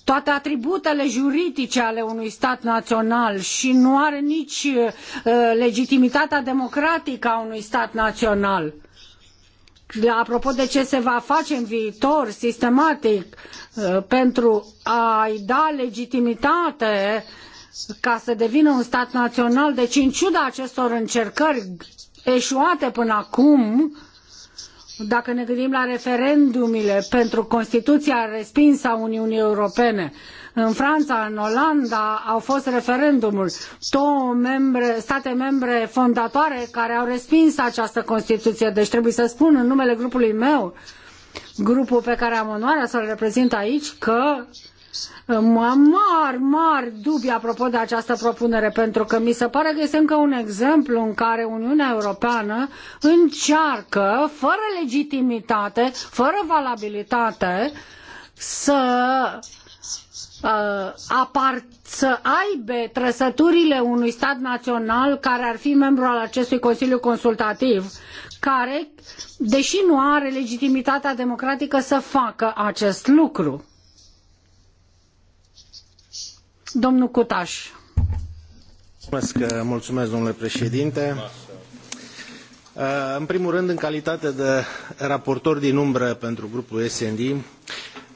toate atributele juridice ale unui stat național și nu are nici uh, legitimitatea democratică a unui stat național apropo de ce se va face în viitor sistematic uh, pentru a-i da legitimitate ca să devină un stat național, deci în ciuda acestor încercări eșuate până acum, dacă ne gândim la referendumile pentru Constituția respinsă a Uniunii Europene, în Franța, în Olanda au fost referendumuri. Două membre, state membre fondatoare care au respins această Constituție. Deci trebuie să spun în numele grupului meu, grupul pe care am onoarea să-l reprezint aici, că uh, mari, mari dubii apropo de această propunere, pentru că mi se pare că este încă un exemplu în care Uniunea Europeană încearcă, fără legitimitate, fără valabilitate, să Uh, apart, să aibă trăsăturile unui stat național care ar fi membru al acestui Consiliu Consultativ, care, deși nu are legitimitatea democratică, să facă acest lucru. Domnul Cutaș. Mulțumesc, uh, mulțumesc domnule președinte. Uh, în primul rând, în calitate de raportor din umbră pentru grupul SND,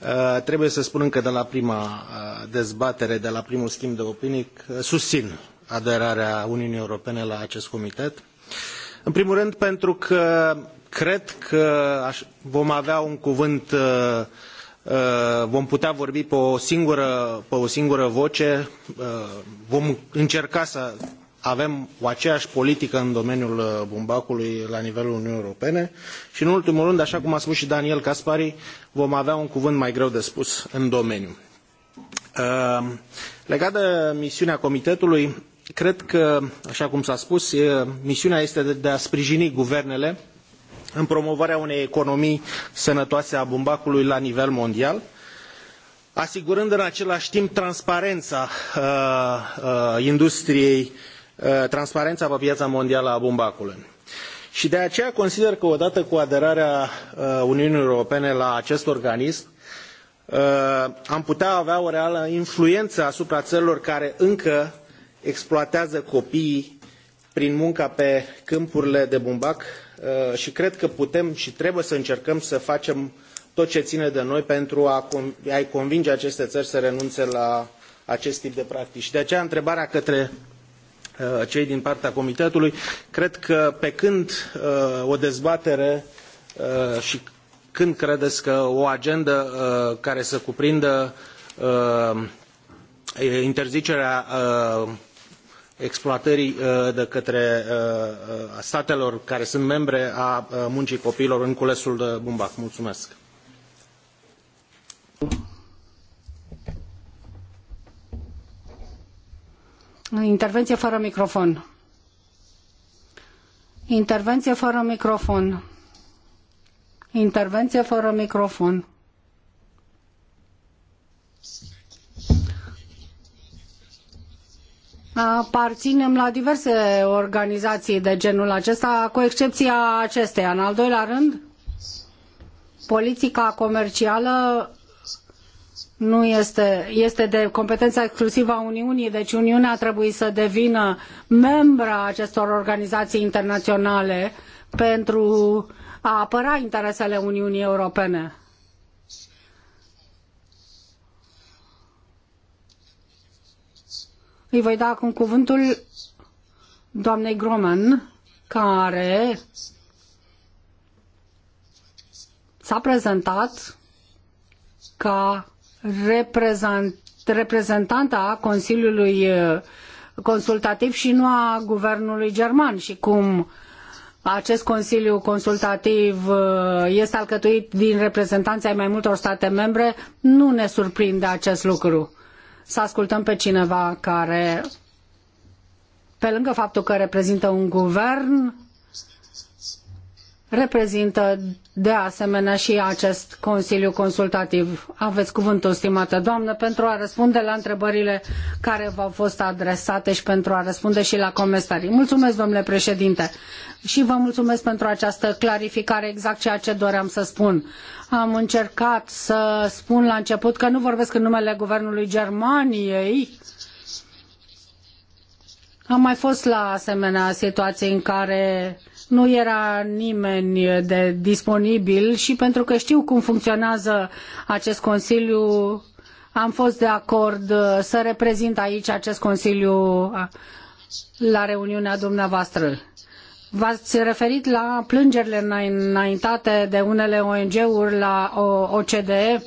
Uh, trebuie să spun încă de la prima uh, dezbatere, de la primul schimb de opinii, susțin aderarea Uniunii Europene la acest comitet. În primul rând pentru că cred că vom avea un cuvânt, uh, vom putea vorbi pe o singură, pe o singură voce, vom încerca să avem o aceeași politică în domeniul uh, bumbacului la nivelul Uniunii Europene și, în ultimul rând, așa cum a spus și Daniel Caspari, vom avea un cuvânt mai greu de spus în domeniu. Uh, legat de misiunea comitetului, cred că, așa cum s-a spus, uh, misiunea este de, de a sprijini guvernele în promovarea unei economii sănătoase a bumbacului la nivel mondial, asigurând în același timp transparența uh, uh, industriei uh, Uh, transparența pe piaa mondială a bumbacului. Și de aceea consider că odată cu aderarea uh, Uniunii Europene la acest organism, uh, am putea avea o reală influență asupra ărilor care încă exploatează copiii prin munca pe câmpurile de bumbac și cred că putem și trebuie să încercăm să facem tot ce ține de noi pentru a-i convinge aceste țări să renunțe la acest tip de practici. De aceea întrebarea către Uh, cei din partea comitetului. Cred că pe când uh, o dezbatere uh, și când credeți că o agendă care să cuprindă interzicerea exploatării de către statelor care sunt membre a muncii copiilor în culesul de bumbac. Mulțumesc! Intervenție fără microfon. Intervenție fără microfon. Intervenție fără microfon. Aparținem la diverse organizații de genul acesta, cu excepția acesteia. În al doilea rând, politica comercială nu este, este de competența exclusivă a Uniunii, deci Uniunea trebuie să devină membra acestor organizații internaționale pentru a apăra interesele Uniunii Europene. Îi voi da acum cuvântul doamnei Groman, care s-a prezentat ca reprezentanta a Consiliului uh, Consultativ și nu a Guvernului German și cum acest Consiliu Consultativ uh, este alcătuit din reprezentanții ai mai multor state membre, nu ne surprinde acest lucru. Să ascultăm pe cineva care, pe lângă faptul că reprezintă un guvern, reprezintă de asemenea și acest Consiliu Consultativ. Aveți cuvântul, stimată doamnă, pentru a răspunde la întrebările care v-au fost adresate și pentru a răspunde și la comentarii. Mulțumesc, domnule președinte, și vă mulțumesc pentru această clarificare, exact ceea ce doream să spun. Am încercat să spun la început că nu vorbesc în numele Guvernului Germaniei, am mai fost la asemenea situații în care nu era nimeni de disponibil și pentru că știu cum funcționează acest Consiliu, am fost de acord uh, să reprezint aici acest Consiliu uh, la reuniunea dumneavoastră. V-ați referit la plângerile înaintate de unele ONG-uri la OCDE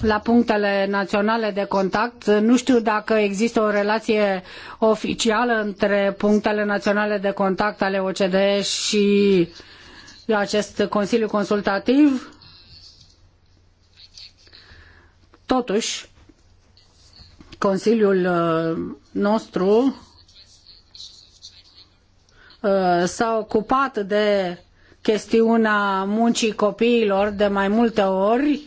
la punctele naționale de contact. Nu știu dacă există o relație oficială între punctele naționale de contact ale OCDE și acest Consiliu Consultativ. Totuși, Consiliul uh, nostru uh, s-a ocupat de chestiunea muncii copiilor de mai multe ori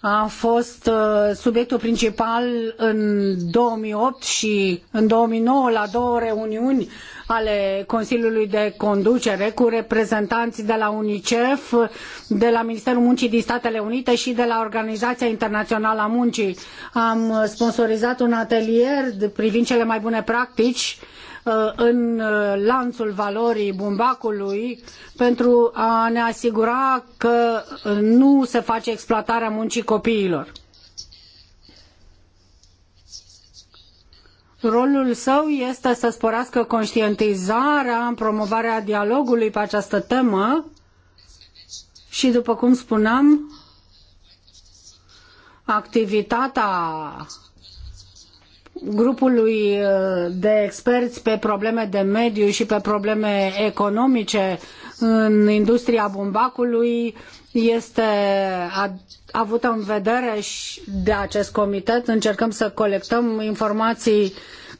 a fost uh, subiectul principal în 2008 și în 2009 la două reuniuni ale Consiliului de Conducere cu reprezentanți de la UNICEF, de la Ministerul Muncii din Statele Unite și de la Organizația Internațională a Muncii. Am sponsorizat un atelier privind cele mai bune practici uh, Uh, în uh, lanțul valorii bumbacului pentru a ne asigura că uh, nu se face exploatarea muncii copiilor. Rolul său este să sporească conștientizarea, promovarea dialogului pe această temă și, după cum spuneam, activitatea grupului uh, de experți pe probleme de mediu și pe probleme economice în industria bumbacului este avută în vedere și de acest comitet. Încercăm să colectăm informații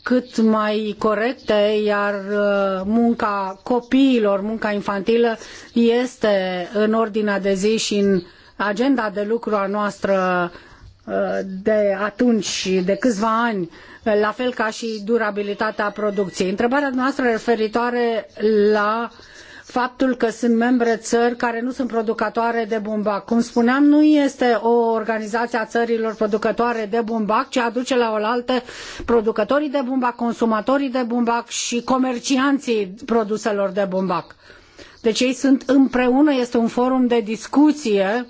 cât mai corecte, iar uh, munca copiilor, munca infantilă este în ordinea de zi și în agenda de lucru a noastră uh, de atunci, de câțiva ani, la fel ca și durabilitatea producției. Întrebarea noastră referitoare la faptul că sunt membre țări care nu sunt producătoare de bumbac. Cum spuneam, nu este o organizație a țărilor producătoare de bumbac, ci aduce la oaltă producătorii de bumbac, consumatorii de bumbac și comercianții produselor de bumbac. Deci ei sunt împreună, este un forum de discuție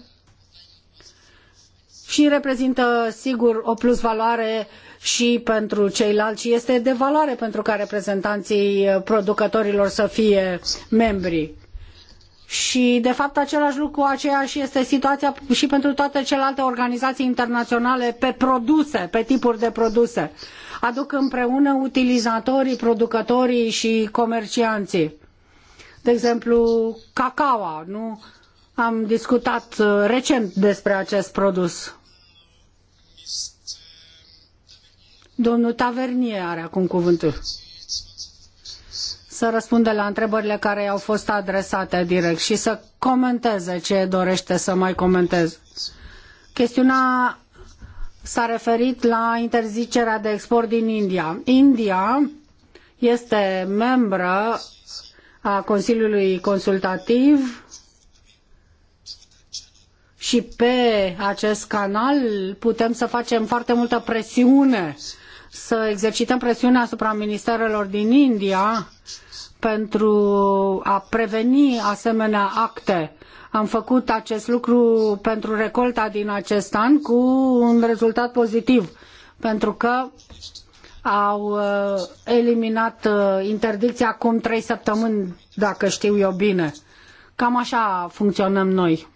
și reprezintă, sigur, o plusvaloare și pentru ceilalți și este de valoare pentru ca reprezentanții uh, producătorilor să fie membri. Și, de fapt, același lucru, aceeași este situația și pentru toate celelalte organizații internaționale pe produse, pe tipuri de produse. Aduc împreună utilizatorii, producătorii și comercianții. De exemplu, cacao, nu? Am discutat uh, recent despre acest produs. Domnul Tavernier are acum cuvântul să răspundă la întrebările care i-au fost adresate direct și să comenteze ce dorește să mai comenteze. Chestiunea s-a referit la interzicerea de export din India. India este membră a Consiliului Consultativ și pe acest canal putem să facem foarte multă presiune să exercităm presiunea asupra ministerelor din India pentru a preveni asemenea acte. Am făcut acest lucru pentru recolta din acest an cu un rezultat pozitiv, pentru că au uh, eliminat uh, interdicția acum trei săptămâni, dacă știu eu bine. Cam așa funcționăm noi.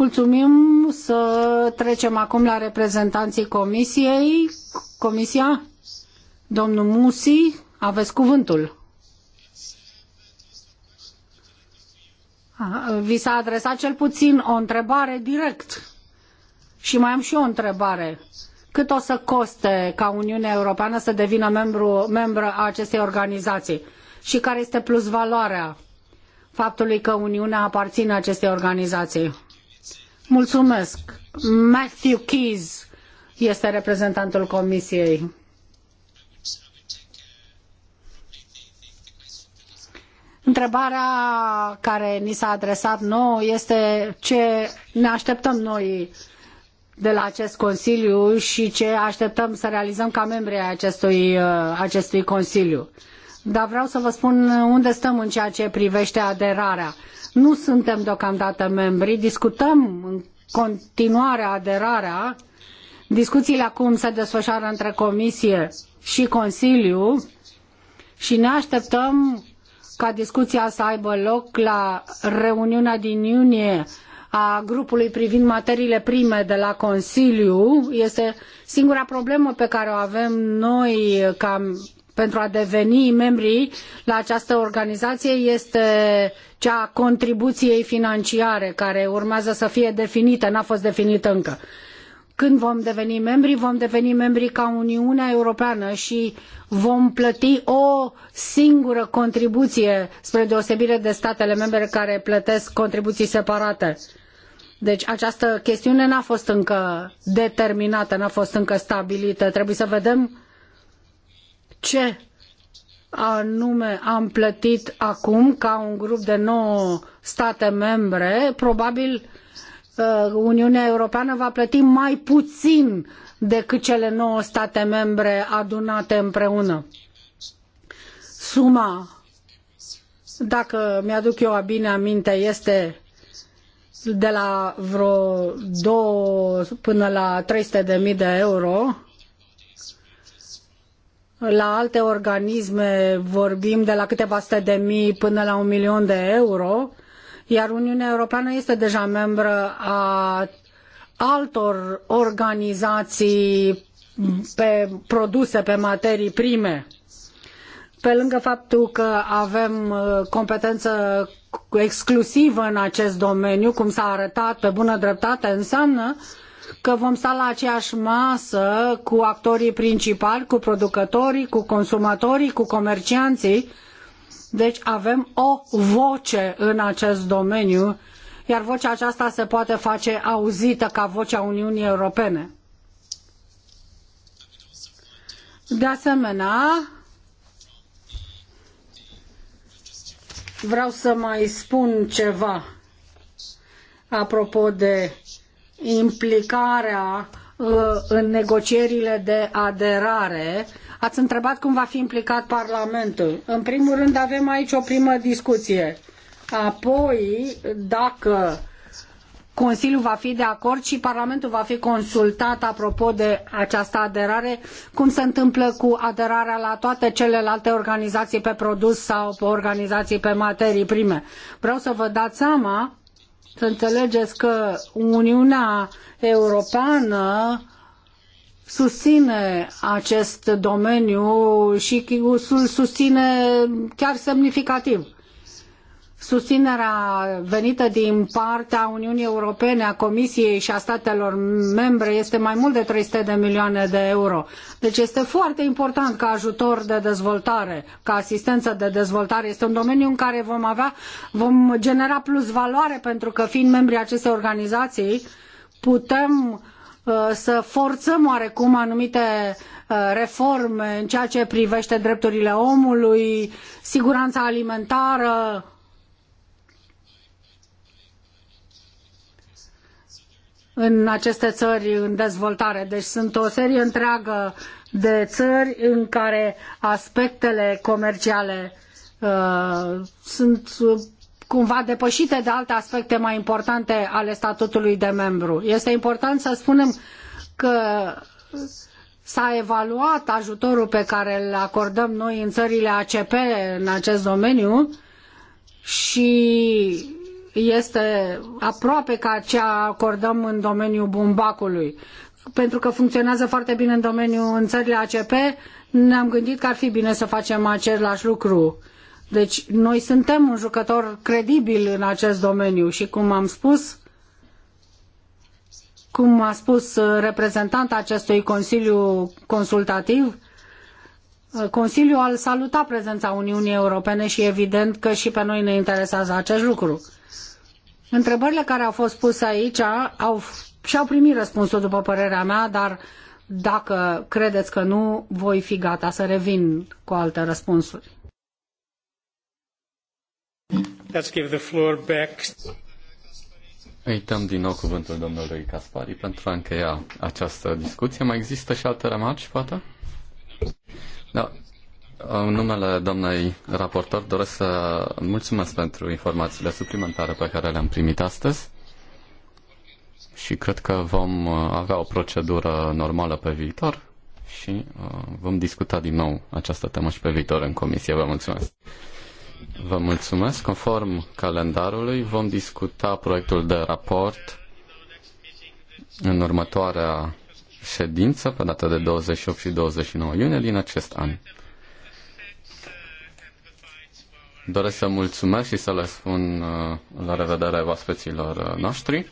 Mulțumim să trecem acum la reprezentanții comisiei. Comisia, domnul Musi, aveți cuvântul. Vi s-a adresat cel puțin o întrebare direct. Și mai am și o întrebare. Cât o să coste ca Uniunea Europeană să devină membru, membru a acestei organizații? Și care este plus valoarea faptului că Uniunea aparține acestei organizații? Mulțumesc. Matthew Keys este reprezentantul comisiei. Întrebarea care ni s-a adresat nouă este ce ne așteptăm noi de la acest Consiliu și ce așteptăm să realizăm ca membri ai acestui, uh, acestui Consiliu. Uh, dar vreau să vă spun unde stăm în ceea ce privește aderarea. Nu suntem deocamdată membri, discutăm în continuare aderarea. Discuțiile acum se desfășoară între Comisie și Consiliu și ne așteptăm ca discuția să aibă loc la reuniunea din iunie a grupului privind materiile prime de la Consiliu. Este singura problemă pe care o avem noi ca pentru a deveni membri la această organizație este cea a contribuției financiare, care urmează să fie definită, n-a fost definită încă. Când vom deveni membri? Vom deveni membri ca Uniunea Europeană și vom plăti o singură contribuție, spre deosebire de statele membre care plătesc contribuții separate. Deci această chestiune n-a fost încă determinată, n-a fost încă stabilită. Trebuie să vedem ce anume am plătit acum ca un grup de 9 state membre, probabil uh, Uniunea Europeană va plăti mai puțin decât cele 9 state membre adunate împreună. Suma, dacă mi-aduc eu bine aminte, este de la vreo 2 până la 300.000 de mii de euro la alte organisme vorbim de la câteva sute de mii până la un milion de euro, iar Uniunea Europeană este deja membră a altor organizații pe produse, pe materii prime. Pe lângă faptul că avem uh, competență exclusivă în acest domeniu, cum s-a arătat pe bună dreptate, înseamnă că vom sta la aceeași masă cu actorii principali, cu producătorii, cu consumatorii, cu comercianții. Deci avem o voce în acest domeniu, iar vocea aceasta se poate face auzită ca vocea Uniunii Europene. De asemenea, vreau să mai spun ceva apropo de implicarea uh, în negocierile de aderare. Ați întrebat cum va fi implicat Parlamentul. În primul rând avem aici o primă discuție. Apoi, dacă Consiliul va fi de acord și Parlamentul va fi consultat apropo de această aderare, cum se întâmplă cu aderarea la toate celelalte organizații pe produs sau pe organizații pe materii prime. Vreau să vă dați seama să înțelegeți că Uniunea Europeană susține acest domeniu și îl susține chiar semnificativ susținerea venită din partea Uniunii Europene, a Comisiei și a statelor membre este mai mult de 300 de milioane de euro. Deci este foarte important ca ajutor de dezvoltare, ca asistență de dezvoltare. Este un domeniu în care vom avea, vom genera plus valoare pentru că fiind membri acestei organizații putem uh, să forțăm oarecum anumite uh, reforme în ceea ce privește drepturile omului, siguranța alimentară, în aceste țări în dezvoltare. Deci sunt o serie întreagă de țări în care aspectele comerciale uh, sunt cumva depășite de alte aspecte mai importante ale statutului de membru. Este important să spunem că s-a evaluat ajutorul pe care îl acordăm noi în țările ACP în acest domeniu și este aproape ca cea acordăm în domeniul bumbacului. Pentru că funcționează foarte bine în domeniul în țările ACP, ne-am gândit că ar fi bine să facem același lucru. Deci noi suntem un jucător credibil în acest domeniu și cum am spus, cum a spus uh, reprezentanta acestui Consiliu consultativ, uh, Consiliul a salutat prezența Uniunii Europene și evident că și pe noi ne interesează acest lucru. Întrebările care au fost puse aici au, și-au primit răspunsul, după părerea mea, dar dacă credeți că nu, voi fi gata să revin cu alte răspunsuri. Let's give the floor back. Îi dăm din nou cuvântul domnului Caspari pentru a încheia această discuție. Mai există și alte remarci, poate? Da, în numele doamnei raportor doresc să mulțumesc pentru informațiile suplimentare pe care le-am primit astăzi și cred că vom uh, avea o procedură normală pe viitor și uh, vom discuta din nou această temă și pe viitor în comisie. Vă mulțumesc! Vă mulțumesc! Conform calendarului vom discuta proiectul de raport în următoarea ședință pe data de 28 și 29 iunie din acest an. Doresc să mulțumesc și să le spun uh, la revedere oaspeților uh, noștri.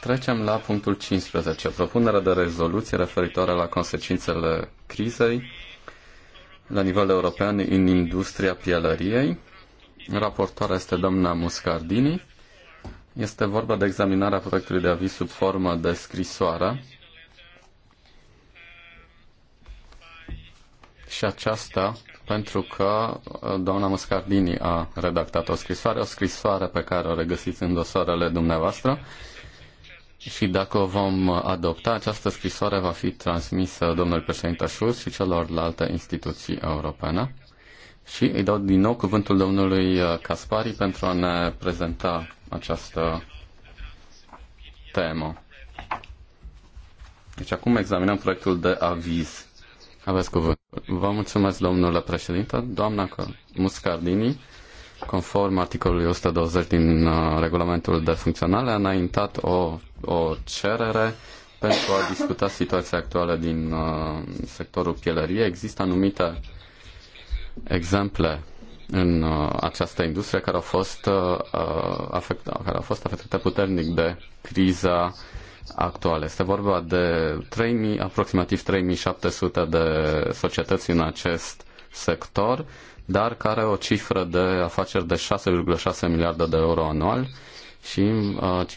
Trecem la punctul 15, propunerea de rezoluție referitoare la consecințele crizei la nivel european în industria pielăriei. Raportoarea este doamna Muscardini. Este vorba de examinarea proiectului de aviz sub formă de scrisoare și aceasta pentru că uh, doamna Muscardini a redactat o scrisoare, o scrisoare pe care o regăsiți în dosarele dumneavoastră și dacă o vom adopta, această scrisoare va fi transmisă domnului președinte Șur și celorlalte instituții europene. Și îi dau din nou cuvântul domnului uh, Caspari pentru a ne prezenta această temă. Deci acum examinăm proiectul de aviz aveți cuvânt. Vă mulțumesc, domnule președinte. Doamna Muscardini, conform articolului 120 din uh, regulamentul de funcționare, a înaintat o, o cerere pentru a discuta situația actuală din uh, sectorul pielăriei. Există anumite exemple în uh, această industrie care au fost, uh, uh afecta, care au fost afectate puternic de criza uh, actuale. Este vorba de 3000, aproximativ 3700 de societăți în acest sector, dar care o cifră de afaceri de 6,6 miliarde de euro anual și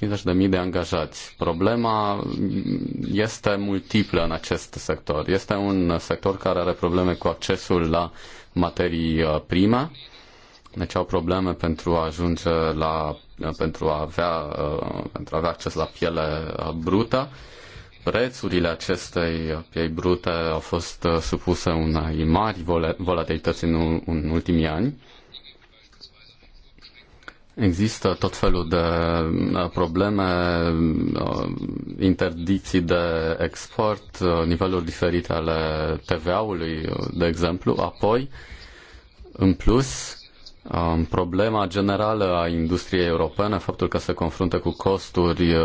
uh, 50.000 de angajați. Problema este multiplă în acest sector. Este un sector care are probleme cu accesul la materii uh, prime, deci au probleme pentru a ajunge la, pentru a avea, uh, pentru a avea acces la piele uh, brută. Prețurile acestei piei brute au fost uh, supuse unei mari volatilități în, în ultimii ani. Există tot felul de probleme, interdicții de export, niveluri diferite ale TVA-ului, de exemplu. Apoi, în plus, problema generală a industriei europene, faptul că se confruntă cu costuri uh,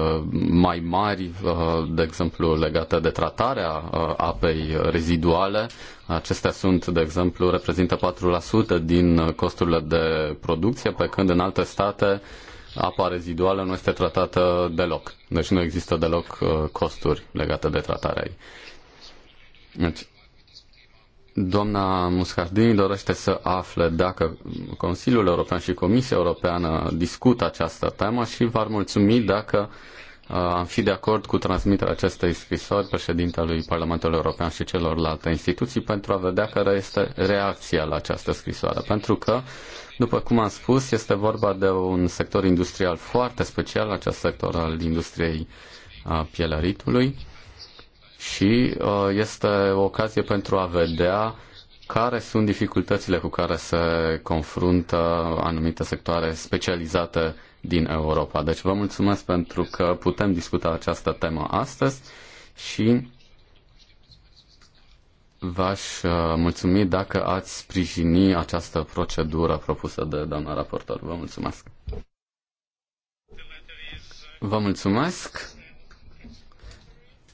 mai mari, uh, de exemplu, legate de tratarea uh, apei reziduale. Acestea sunt, de exemplu, reprezintă 4% din costurile de producție, pe când în alte state apa reziduală nu este tratată deloc. Deci nu există deloc costuri legate de tratarea ei. Deci, Doamna Muscardini dorește să afle dacă Consiliul European și Comisia Europeană discută această temă și v-ar mulțumi dacă uh, am fi de acord cu transmiterea acestei scrisori președintelui Parlamentului European și celorlalte instituții pentru a vedea care este reacția la această scrisoare. Pentru că, după cum am spus, este vorba de un sector industrial foarte special, acest sector al industriei uh, pielăritului și uh, este o ocazie pentru a vedea care sunt dificultățile cu care se confruntă anumite sectoare specializate din Europa. Deci vă mulțumesc pentru că putem discuta această temă astăzi și v-aș uh, mulțumi dacă ați sprijini această procedură propusă de doamna raportor. Vă mulțumesc! Vă mulțumesc!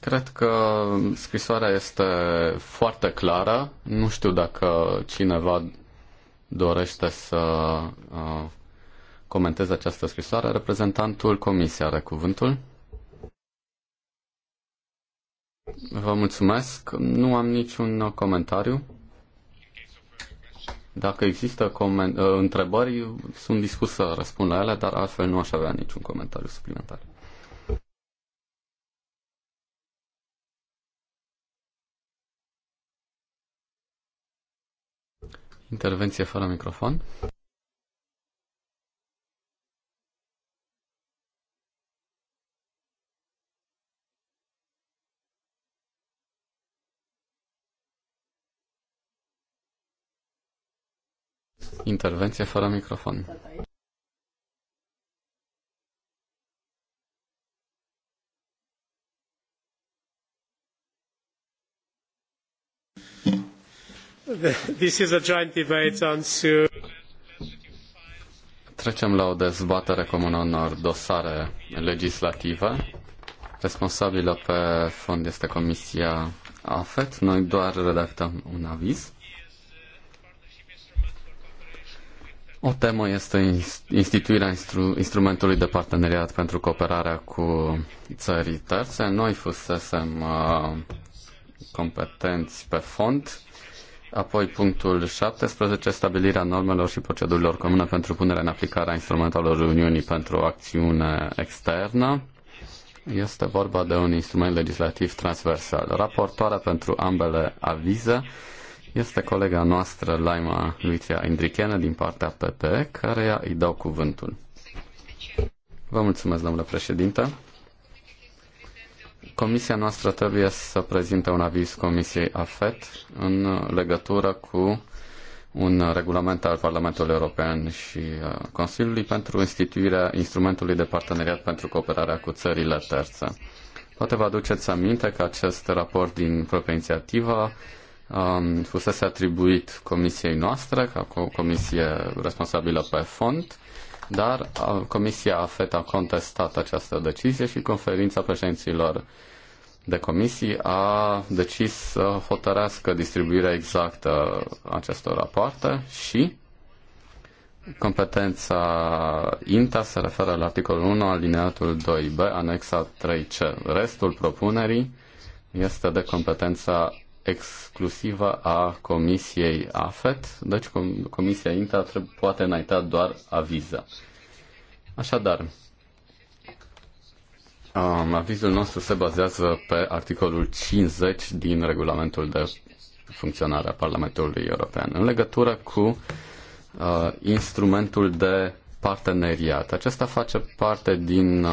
Cred că scrisoarea este foarte clară. Nu știu dacă cineva dorește să uh, comenteze această scrisoare. Reprezentantul Comisiei are cuvântul. Vă mulțumesc. Nu am niciun comentariu. Dacă există coment- uh, întrebări, sunt dispus să răspund la ele, dar altfel nu aș avea niciun comentariu suplimentar. Intervenție fără microfon. Intervenție fără microfon. Trecem la o dezbatere comună unor dosare legislative. Responsabilă pe fond este Comisia AFET. Noi doar redactăm un aviz. O temă este instituirea instru- instrumentului de parteneriat pentru cooperarea cu țării terțe. Noi fusesem uh, competenți pe fond Apoi punctul 17, stabilirea normelor și procedurilor comune pentru punerea în aplicare a instrumentelor Uniunii pentru o acțiune externă. Este vorba de un instrument legislativ transversal. Raportoarea pentru ambele avize este colega noastră, Laima Luitia Indrichene, din partea PP, care îi dau cuvântul. Vă mulțumesc, domnule președinte. Comisia noastră trebuie să prezinte un aviz Comisiei AFET în legătură cu un regulament al Parlamentului European și uh, Consiliului pentru instituirea instrumentului de parteneriat pentru cooperarea cu țările terțe. Poate vă aduceți aminte că acest raport din propria inițiativă um, fusese atribuit comisiei noastre, ca comisie responsabilă pe fond, dar Comisia AFET a contestat această decizie și conferința președinților de comisii a decis să hotărească distribuirea exactă acestor rapoarte și competența INTA se referă la articolul 1, alineatul 2b, anexa 3c. Restul propunerii este de competența exclusivă a Comisiei AFET, deci com- Comisia INTA poate înainta doar aviza. Așadar, um, avizul nostru se bazează pe articolul 50 din regulamentul de funcționare a Parlamentului European în legătură cu uh, instrumentul de parteneriat. Acesta face parte din uh,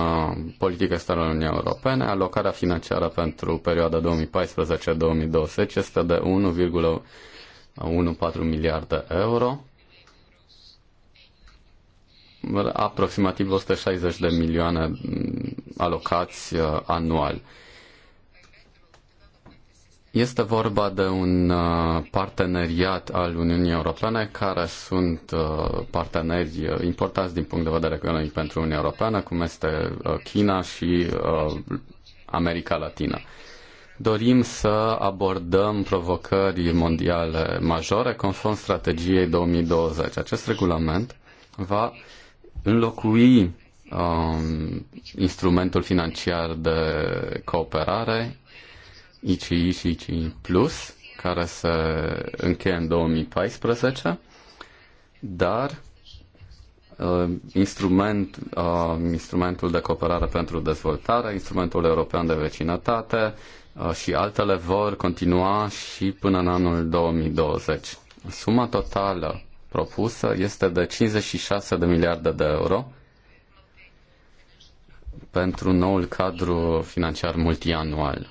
politica externă a Uniunii Europene. Alocarea financiară pentru perioada 2014-2020 este de 1,14 miliarde euro, aproximativ 160 de milioane mm, alocați uh, anual. Uh, este vorba de un uh, parteneriat al Uniunii Europene care sunt uh, parteneri uh, importanți din punct de vedere economic pentru Uniunea Europeană, cum este China și America Latină. Dorim să abordăm provocări mondiale majore conform strategiei 2020. Acest regulament va înlocui um, instrumentul financiar de cooperare ICI și ICI Plus, care se încheie în 2014, dar uh, instrument, uh, instrumentul de cooperare pentru dezvoltare, instrumentul european de vecinătate uh, și altele vor continua și până în anul 2020. Suma totală propusă este de 56 de miliarde de euro pentru noul cadru financiar multianual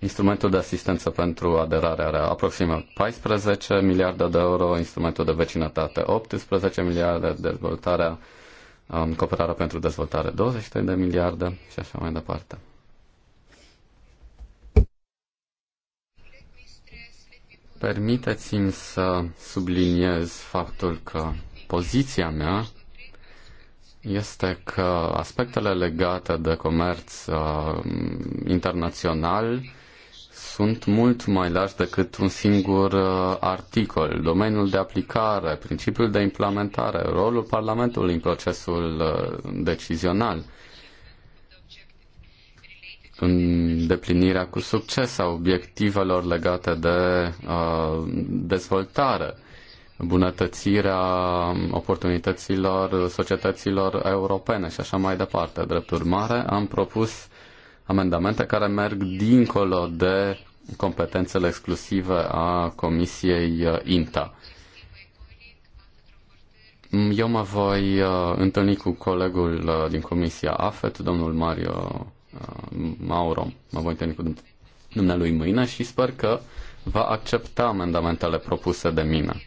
instrumentul de asistență pentru aderare are aproximativ 14 miliarde de euro, instrumentul de vecinătate 18 miliarde, dezvoltarea, um, cooperarea pentru dezvoltare 23 de miliarde și așa mai departe. Permiteți-mi să subliniez faptul că poziția mea este că aspectele legate de comerț uh, internațional sunt mult mai largi decât un singur uh, articol. Domeniul de aplicare, principiul de implementare, rolul Parlamentului în procesul uh, decizional, îndeplinirea cu succes a obiectivelor legate de uh, dezvoltare, bunătățirea oportunităților societăților europene și așa mai departe. Drept urmare, am propus amendamente care merg dincolo de competențele exclusive a Comisiei uh, INTA. Mm, eu mă voi uh, întâlni cu colegul uh, din Comisia AFET, domnul Mario Mauro. Mă voi întâlni cu dumnealui mâine și sper că va accepta amendamentele propuse de mine.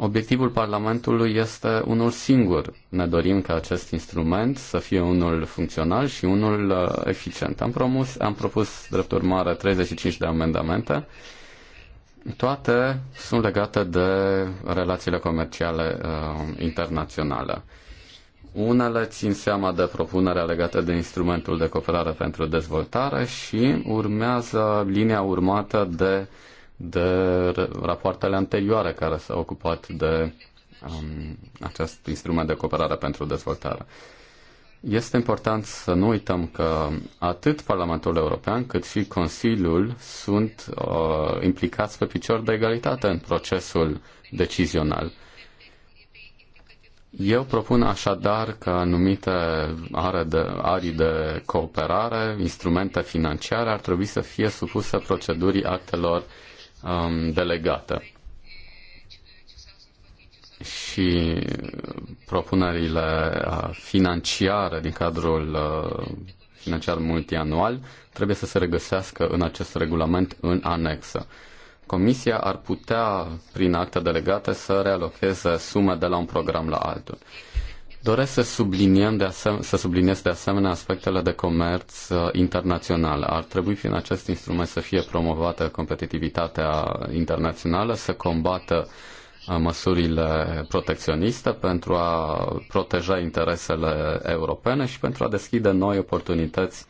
Obiectivul Parlamentului este unul singur. Ne dorim ca acest instrument să fie unul funcțional și unul uh, eficient. Am, promus, am propus, drept urmare, 35 de amendamente. Toate sunt legate de relațiile comerciale uh, internaționale. Unele țin seama de propunerea legată de instrumentul de cooperare pentru dezvoltare și urmează linia urmată de de rapoartele anterioare care s-au ocupat de um, acest instrument de cooperare pentru dezvoltare. Este important să nu uităm că atât Parlamentul European cât și Consiliul sunt uh, implicați pe picior de egalitate în procesul decizional. Eu propun așadar că anumite are de, arii de cooperare, instrumente financiare, ar trebui să fie supuse procedurii actelor uh, um, delegată. Și propunerile uh, financiare din cadrul uh, financiar multianual trebuie să se regăsească în acest regulament în anexă. Comisia ar putea, prin acte delegate, să realocheze sume de la un program la altul. Doresc să, subliniem de asemenea, să subliniez de asemenea aspectele de comerț uh, internațional. Ar trebui prin acest instrument să fie promovată competitivitatea internațională, să combată uh, măsurile protecționiste pentru a proteja interesele europene și pentru a deschide noi oportunități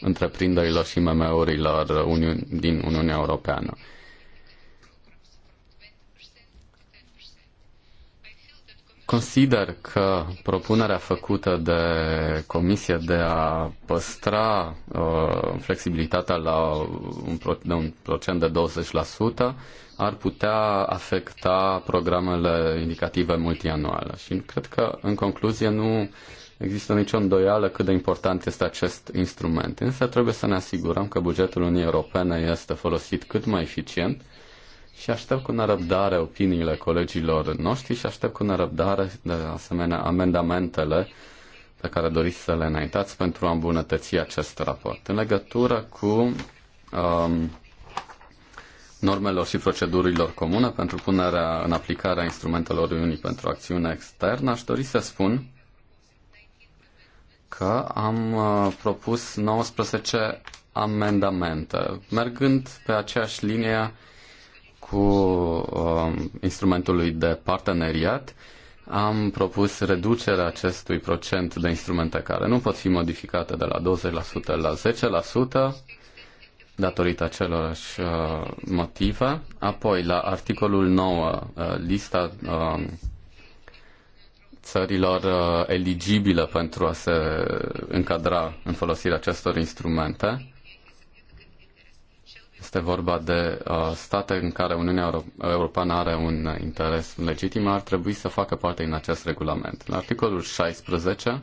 întreprinderilor și mmo urilor din Uniunea Europeană. Consider că propunerea făcută de Comisie de a păstra uh, flexibilitatea la un, pro- de un procent de 20% ar putea afecta programele indicative multianuale. Și cred că, în concluzie, nu există nicio îndoială cât de important este acest instrument. Însă trebuie să ne asigurăm că bugetul Uniunii Europene este folosit cât mai eficient și aștept cu nerăbdare opiniile colegilor noștri și aștept cu nerăbdare de asemenea amendamentele pe care doriți să le înaintați pentru a îmbunătăți acest raport. În legătură cu um, normelor și procedurilor comune pentru punerea în aplicare a instrumentelor Uniunii pentru acțiune externă, aș dori să spun că am uh, propus 19 amendamente, mergând pe aceeași linie uh, cu um, instrumentului de parteneriat, am propus reducerea acestui procent de instrumente care nu pot fi modificate de la 20% la 10% datorită acelorași uh, motive. Apoi, la articolul 9, uh, lista um, țărilor uh, eligibile pentru a se încadra în folosirea acestor instrumente. Este vorba de uh, state în care Uniunea Euro- Europeană are un interes legitim, ar trebui să facă parte din acest regulament. La articolul 16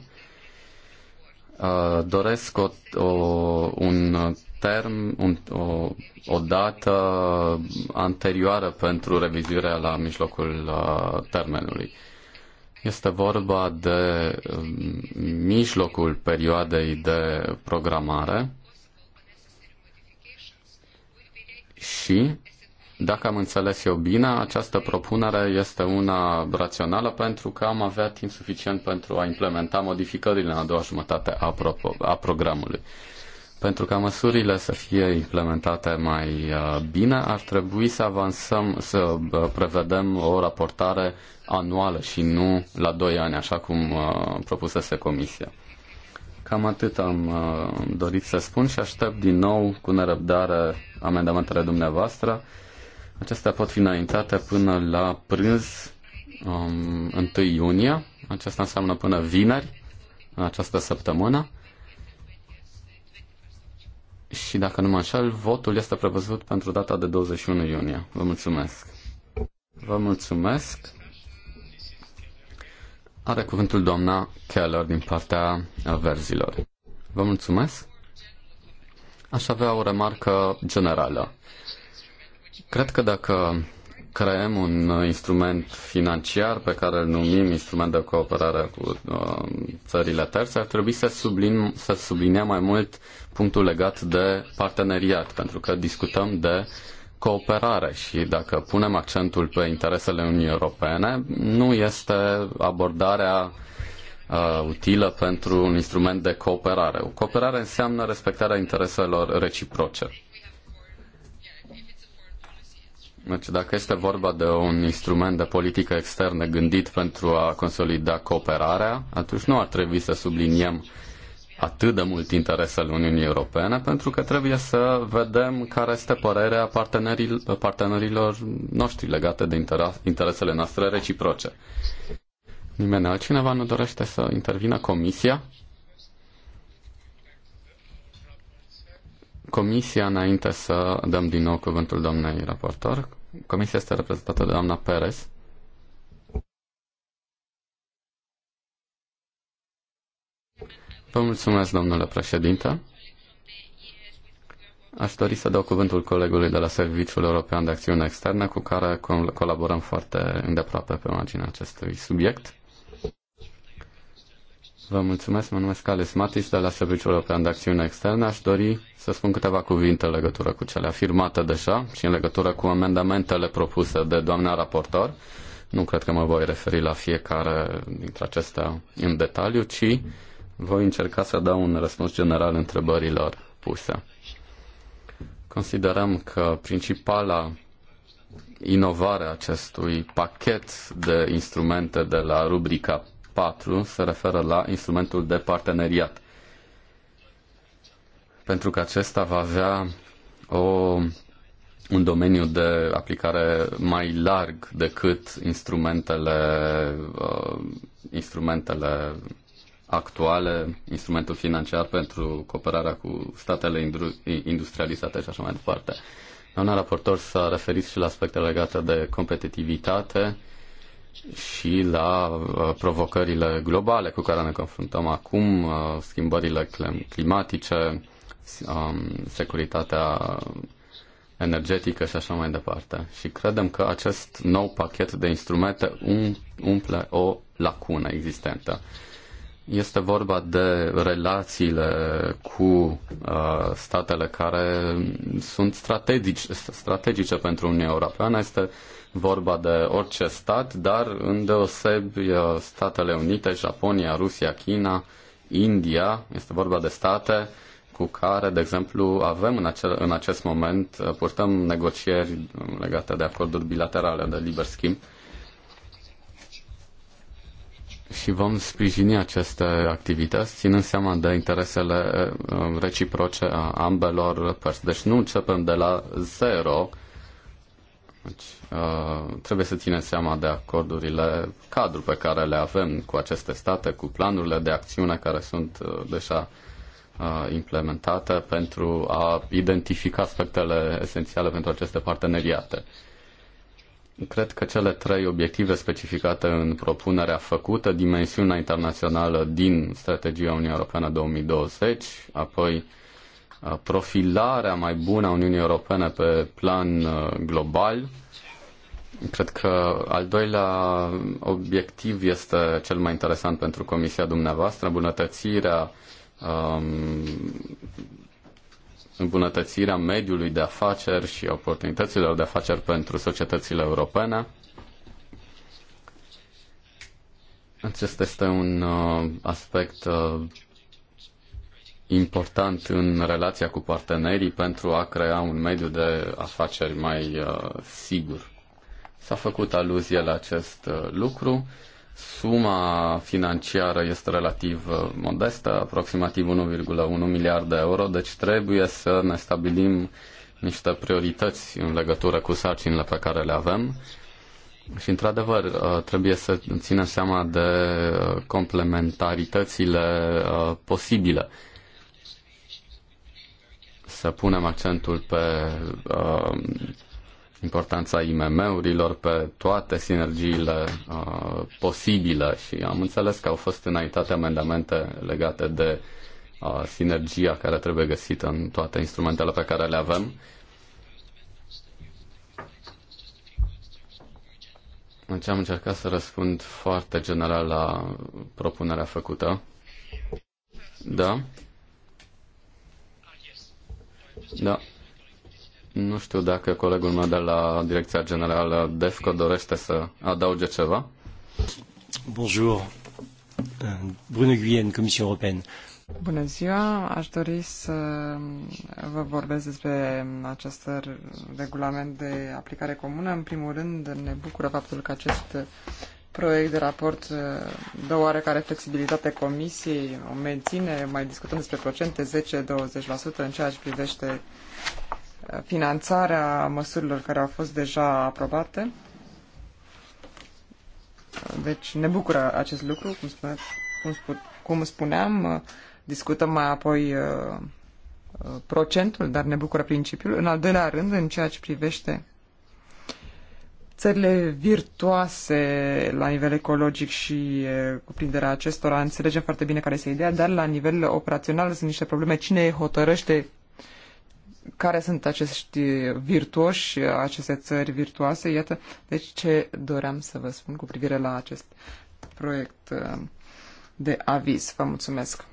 uh, doresc o, o, un term, un, o, o dată anterioară pentru revizuirea la mijlocul uh, termenului. Este vorba de uh, mijlocul perioadei de programare și dacă am înțeles eu bine, această propunere este una rațională pentru că am avea timp suficient pentru a implementa modificările în a doua jumătate a, pro- a programului. Pentru ca măsurile să fie implementate mai uh, bine, ar trebui să avansăm, să uh, prevedem o raportare anuală și nu la 2 ani, așa cum uh, propusese Comisia. Cam atât am uh, dorit să spun și aștept din nou cu nerăbdare amendamentele dumneavoastră. Acestea pot fi înaintate până la prânz um, 1 iunie. Aceasta înseamnă până vineri, această săptămână. Și dacă nu mă înșel, votul este prevăzut pentru data de 21 iunie. Vă mulțumesc! Vă mulțumesc! Are cuvântul doamna Keller din partea uh, verzilor. Vă mulțumesc. Aș avea o remarcă generală. Cred că dacă creăm un instrument financiar pe care îl numim instrument de cooperare cu uh, țările terțe, ar trebui să, sublin, să subliniem mai mult punctul legat de parteneriat, pentru că discutăm de uh, cooperare și dacă punem accentul pe interesele Uniunii Europene, nu este abordarea uh, utilă pentru un instrument de cooperare. O cooperare înseamnă respectarea intereselor reciproce. Deci dacă este vorba de un instrument de politică externă gândit pentru a consolida cooperarea, atunci nu ar trebui să subliniem uh, atât de mult interes al Uniunii Europene, pentru că trebuie să vedem care este părerea partenerilor noștri legate de interesele noastre reciproce. Nimeni altcineva nu dorește să intervină Comisia? Comisia, înainte să dăm din nou cuvântul doamnei raportor, Comisia este reprezentată de doamna Perez. Vă mulțumesc, domnule președinte. Aș dori să dau cuvântul colegului de la Serviciul European de Acțiune Externă, cu care colaborăm foarte îndeaproape pe marginea acestui subiect. Vă mulțumesc, mă numesc Alex Matis de la Serviciul European de Acțiune Externă. Aș dori să spun câteva cuvinte în legătură cu cele afirmate deja și în legătură cu amendamentele propuse de doamna raportor. Nu cred că mă voi referi la fiecare dintre acestea în detaliu, ci voi încerca să dau un răspuns general întrebărilor puse. Considerăm că principala inovare a acestui pachet de instrumente de la rubrica 4 se referă la instrumentul de parteneriat. Pentru că acesta va avea o un domeniu de aplicare mai larg decât instrumentele, uh, instrumentele actuale, instrumentul financiar pentru cooperarea cu statele industrializate și așa mai departe. Doamna raportor s-a referit și la aspecte legate de competitivitate și la uh, provocările globale cu care ne confruntăm acum, uh, schimbările climatice, um, securitatea energetică și așa mai departe. Și credem că acest nou pachet de instrumente um-, umple o lacună existentă. Este vorba de relațiile cu uh, statele care sunt strategice, strategice pentru Uniunea Europeană. Este vorba de orice stat, dar îndeosebi uh, Statele Unite, Japonia, Rusia, China, India. Este vorba de state cu care, de exemplu, avem în, acel, în acest moment, uh, purtăm negocieri legate de acorduri bilaterale de liber schimb. Uh, și vom sprijini aceste activități, ținând seama de interesele eh, eh, reciproce a ambelor părți. Deci nu începem de la zero, deci, eh, trebuie să ținem seama de acordurile cadru pe care le avem cu aceste state, cu planurile de acțiune care sunt deja implementate pentru a identifica aspectele esențiale pentru aceste parteneriate. Cred că cele trei obiective specificate în propunerea făcută, dimensiunea internațională din strategia Uniunii Europeană 2020, apoi profilarea mai bună a Uniunii Europene pe plan global, Cred că al doilea obiectiv este cel mai interesant pentru comisia dumneavoastră, îmbunătățirea îmbunătățirea mediului de afaceri și oportunităților de afaceri pentru societățile europene. Acesta este un uh, aspect uh, important în relația cu partenerii pentru a crea un mediu de afaceri mai uh, sigur. S-a făcut aluzie la acest uh, lucru. Uh, Suma financiară este relativ uh, modestă, aproximativ 1,1 miliard de euro, deci trebuie să ne stabilim niște priorități în legătură cu sarcinile pe care le avem. Și, într-adevăr, uh, trebuie să ținem seama de uh, complementaritățile posibile. Să punem accentul pe importanța IMM-urilor, pe toate sinergiile uh, posibile și am înțeles că au fost înaintate amendamente legate de uh, sinergia care trebuie găsită în toate instrumentele pe care le avem. Deci am încercat să răspund foarte general la propunerea făcută. Da? Da. Nu știu dacă colegul meu de la Direcția Generală DEFCO dorește să adauge ceva. Bonjour. Bruno Guyen, Comisia Europeană. Bună ziua! Aș dori să vă vorbesc despre acest regulament de aplicare comună. În primul rând, ne bucură faptul că acest proiect de raport uh, dă oarecare flexibilitate comisiei, o menține, mai discutăm despre procente, 10-20% în ceea ce privește finanțarea măsurilor care au fost deja aprobate. Deci ne bucură acest lucru, cum, spune, cum, spu, cum spuneam, discutăm mai apoi uh, uh, procentul, dar ne bucură principiul. În al doilea rând, în ceea ce privește țările virtuoase la nivel ecologic și cuprinderea acestora, înțelegem foarte bine care este ideea, dar la nivel operațional sunt niște probleme. Cine hotărăște care sunt acești virtuoși, aceste țări virtuoase. Iată, deci ce doream să vă spun cu privire la acest proiect uh, de aviz. Vă mulțumesc.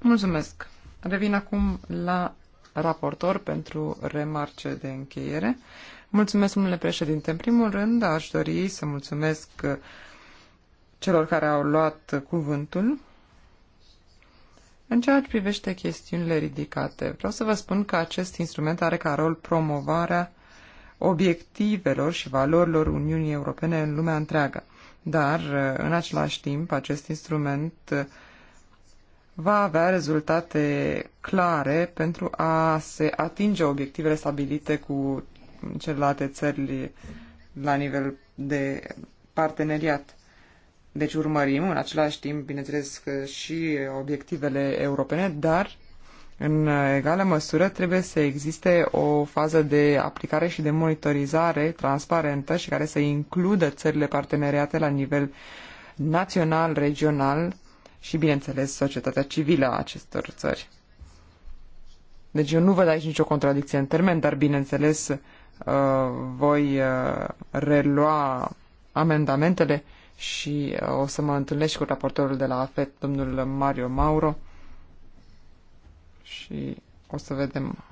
Mulțumesc. Revin acum la raportor pentru remarce de încheiere. Mulțumesc, domnule președinte. În primul rând, aș dori să mulțumesc uh, celor care au luat cuvântul în ceea ce privește chestiunile ridicate, vreau să vă spun că acest instrument are ca rol promovarea obiectivelor și valorilor Uniunii Europene în lumea întreagă. Dar, în același timp, acest instrument va avea rezultate clare pentru a se atinge obiectivele stabilite cu celelalte țări la nivel de parteneriat. Deci urmărim în același timp, bineînțeles, și obiectivele europene, dar în egală măsură trebuie să existe o fază de aplicare și de monitorizare transparentă și care să includă țările parteneriate la nivel național, regional și, bineînțeles, societatea civilă a acestor țări. Deci eu nu văd aici nicio contradicție în termen, dar, bineînțeles, uh, voi uh, relua amendamentele și uh, o să mă întâlnesc și cu raportorul de la AFET, domnul Mario Mauro și o să vedem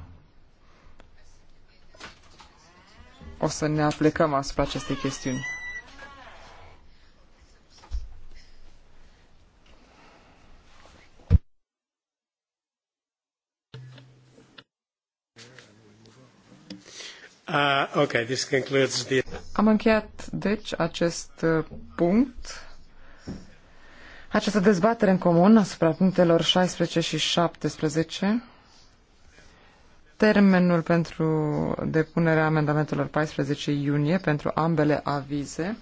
o să ne aplicăm asupra acestei chestiuni. Uh, okay, this concludes the... Am încheiat, deci, acest uh, punct, această dezbatere în comun asupra punctelor 16 și 17. Termenul pentru depunerea amendamentelor 14 iunie pentru ambele avize.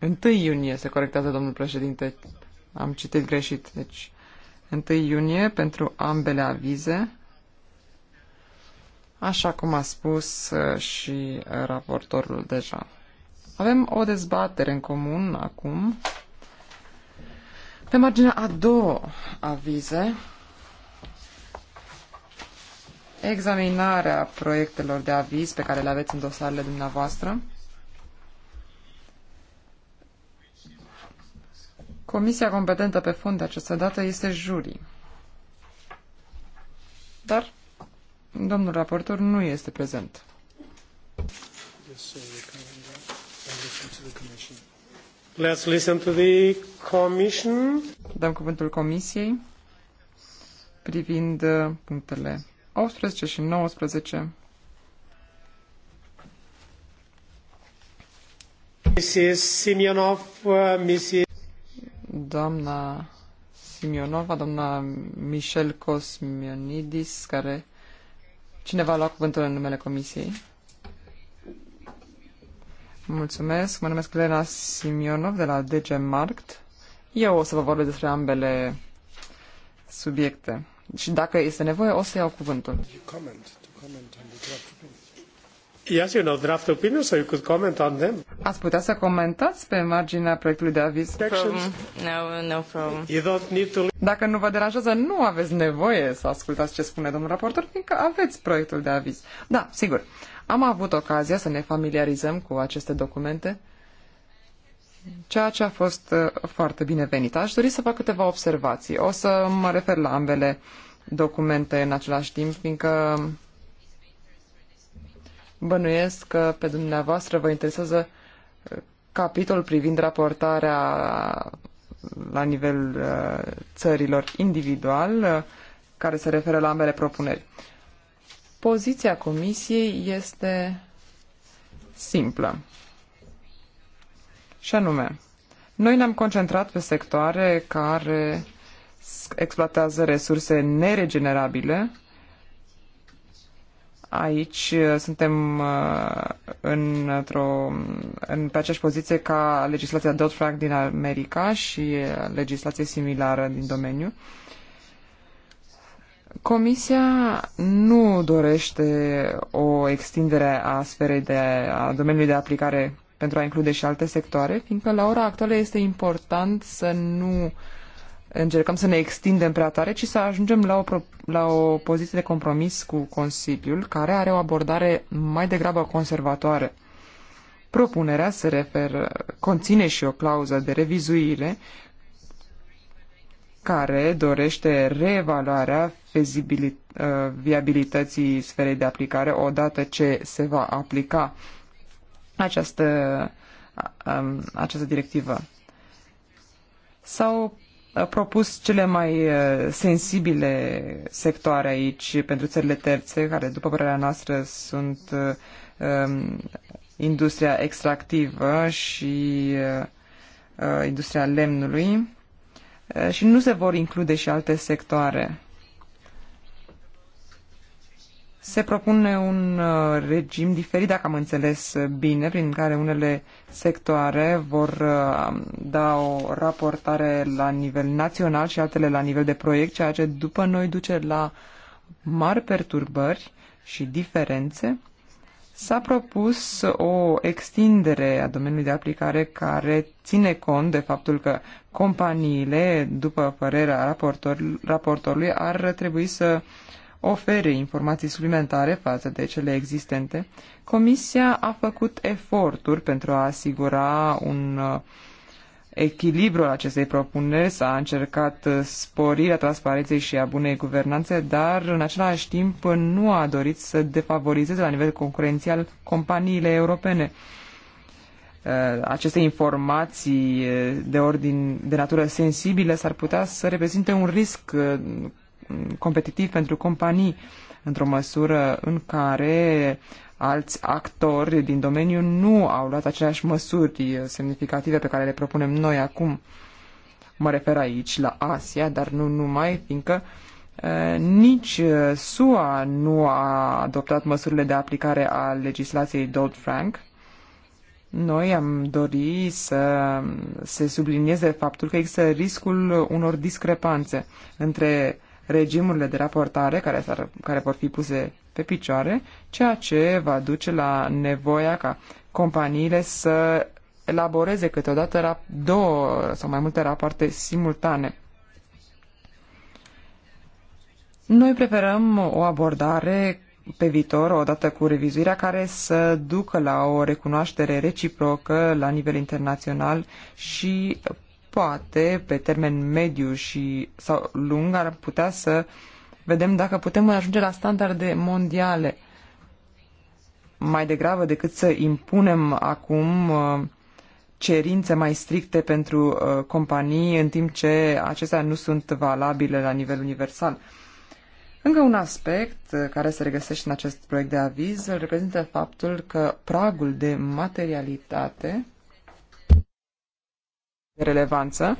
1 iunie se corectează, domnul președinte. Am citit greșit, deci 1 iunie pentru ambele avize, așa cum a spus uh, și uh, raportorul deja. Avem o dezbatere în comun acum pe marginea a două avize, examinarea proiectelor de aviz pe care le aveți în dosarele dumneavoastră, Comisia competentă pe fond de această dată este jurii. Dar domnul raportor nu este prezent. Uh, Let's listen to the commission. Dăm cuvântul comisiei privind uh, punctele 18 și 19. Mrs. Simeonov, uh, Mrs doamna Simionova, doamna Michel Cosmionidis, care cineva lua cuvântul în numele comisiei. Mulțumesc, mă numesc Lena Simionov de la DG Markt. Eu o să vă vorbesc despre ambele subiecte. Și dacă este nevoie, o să iau cuvântul. Yes, you know, draft opinion, so you could comment on them. Ați putea să comentați pe marginea proiectului de aviz? From, no, no from. You don't need to... Dacă nu vă deranjează, nu aveți nevoie să ascultați ce spune domnul raportor, fiindcă aveți proiectul de aviz. Da, sigur. Am avut ocazia să ne familiarizăm cu aceste documente, ceea ce a fost uh, foarte binevenit. Aș dori să fac câteva observații. O să mă refer la ambele documente în același timp, fiindcă Bănuiesc că pe dumneavoastră vă interesează uh, capitolul privind raportarea la nivel uh, țărilor individual, uh, care se referă la ambele propuneri. Poziția Comisiei este simplă. Și anume, noi ne-am concentrat pe sectoare care exploatează resurse neregenerabile aici uh, suntem uh, într-o, în, pe aceeași poziție ca legislația Dodd-Frank din America și uh, legislație similară din domeniu. Comisia nu dorește o extindere a sferei de, a domeniului de aplicare pentru a include și alte sectoare, fiindcă la ora actuală este important să nu încercăm să ne extindem prea tare, ci să ajungem la o, la o poziție de compromis cu Consiliul, care are o abordare mai degrabă conservatoare. Propunerea se referă, conține și o clauză de revizuire care dorește reevaluarea uh, viabilității sferei de aplicare odată ce se va aplica această, um, această directivă. S-au propus cele mai uh, sensibile sectoare aici pentru țările terțe, care, după părerea noastră, sunt uh, um, industria extractivă și uh, uh industria lemnului și nu se vor include și alte sectoare se propune un uh, regim diferit, dacă am înțeles bine, prin care unele sectoare vor uh, da o raportare la nivel național și altele la nivel de proiect, ceea ce după noi duce la mari perturbări și diferențe. S-a propus o extindere a domeniului de aplicare care ține cont de faptul că companiile, după părerea raportorului, ar trebui să uh, ofere informații suplimentare față de cele existente, Comisia a făcut eforturi pentru a asigura un uh, echilibru al acestei propuneri, s-a încercat uh, sporirea transparenței și a bunei guvernanțe, dar în același timp nu a dorit să defavorizeze la nivel concurențial companiile europene uh, aceste informații de ordin de natură sensibilă s-ar putea să reprezinte un risc competitiv pentru companii într-o măsură în care alți actori din domeniu nu au luat aceleași măsuri semnificative pe care le propunem noi acum. Mă refer aici la Asia, dar nu numai, fiindcă nici SUA nu a adoptat măsurile de aplicare a legislației Dodd-Frank. Noi am dori să se sublinieze faptul că există riscul unor discrepanțe între regimurile de raportare care, s-ar, care vor fi puse pe picioare, ceea ce va duce la nevoia ca companiile să elaboreze câteodată două sau mai multe rapoarte simultane. Noi preferăm o abordare pe viitor, odată cu revizuirea, care să ducă la o recunoaștere reciprocă la nivel internațional și poate, pe termen mediu și sau lung, ar putea să vedem dacă putem ajunge la standarde mondiale mai degrabă decât să impunem acum uh, cerințe mai stricte pentru uh, companii, în timp ce acestea nu sunt valabile la nivel universal. Încă un aspect uh, care se regăsește în acest proiect de aviz îl reprezintă faptul că pragul de materialitate de relevanță.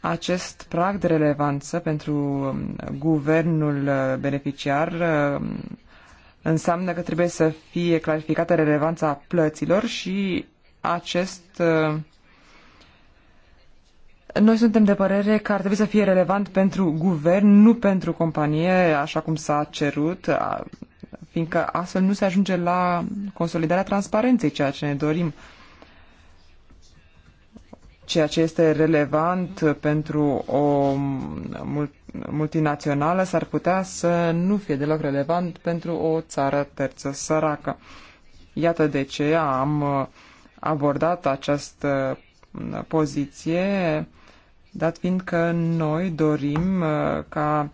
Acest prag de relevanță pentru um, guvernul uh, beneficiar um, înseamnă că trebuie să fie clarificată relevanța plăților și acest uh, noi suntem de părere că ar trebui să fie relevant pentru guvern, nu pentru companie, așa cum s-a cerut, fiindcă astfel nu se ajunge la consolidarea transparenței, ceea ce ne dorim ceea ce este relevant pentru o multinațională s-ar putea să nu fie deloc relevant pentru o țară terță săracă. Iată de ce am abordat această poziție, dat fiind că noi dorim uh, ca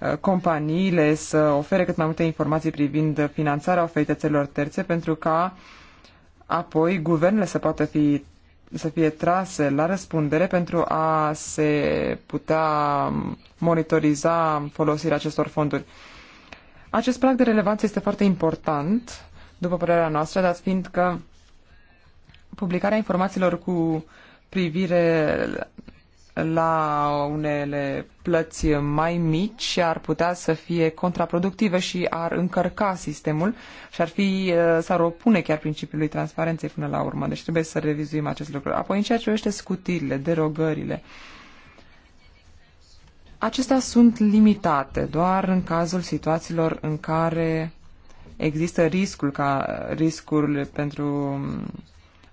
uh, companiile să ofere cât mai multe informații privind finanțarea oferită țărilor terțe pentru ca apoi guvernele să poată fi să fie trase la răspundere pentru a se putea monitoriza folosirea acestor fonduri. Acest prag de relevanță este foarte important, după părerea noastră, dar fiind că publicarea informațiilor cu privire la unele plăți mai mici ar putea să fie contraproductive și ar încărca sistemul și ar fi, uh, s-ar opune chiar principiului transparenței până la urmă. Deci trebuie să revizuim acest lucru. Apoi, în ceea ce privește scutirile, derogările, acestea sunt limitate doar în cazul situațiilor în care există riscul ca riscul pentru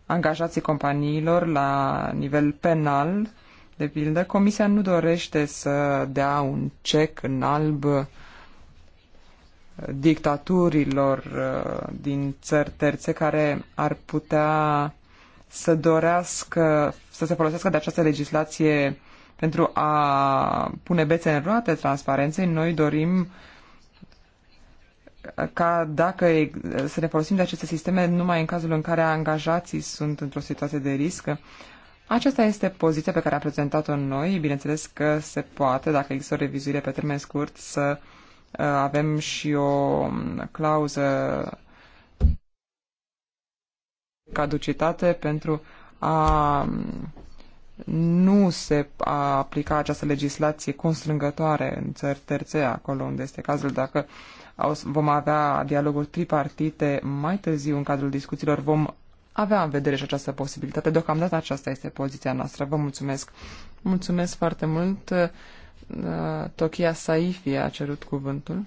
angajații companiilor la nivel penal de pildă, Comisia nu dorește să dea un cec în alb dictaturilor uh, din țări terțe care ar putea să dorească să se folosească de această legislație pentru a pune bețe în roate transparenței. Noi dorim ca dacă să ne folosim de aceste sisteme numai în cazul în care angajații sunt într-o situație de risc, aceasta este poziția pe care a prezentat-o noi. Bineînțeles că se poate, dacă există o revizuire pe termen scurt, să uh, avem și o um, clauză caducitate pentru a um, nu se aplica această legislație constrângătoare în țări terțe, acolo unde este cazul, dacă vom avea dialoguri tripartite mai târziu în cadrul discuțiilor, vom avea în vedere și această posibilitate. Deocamdată aceasta este poziția noastră. Vă mulțumesc. Mulțumesc foarte mult. Uh, Tokia Saifi a cerut cuvântul.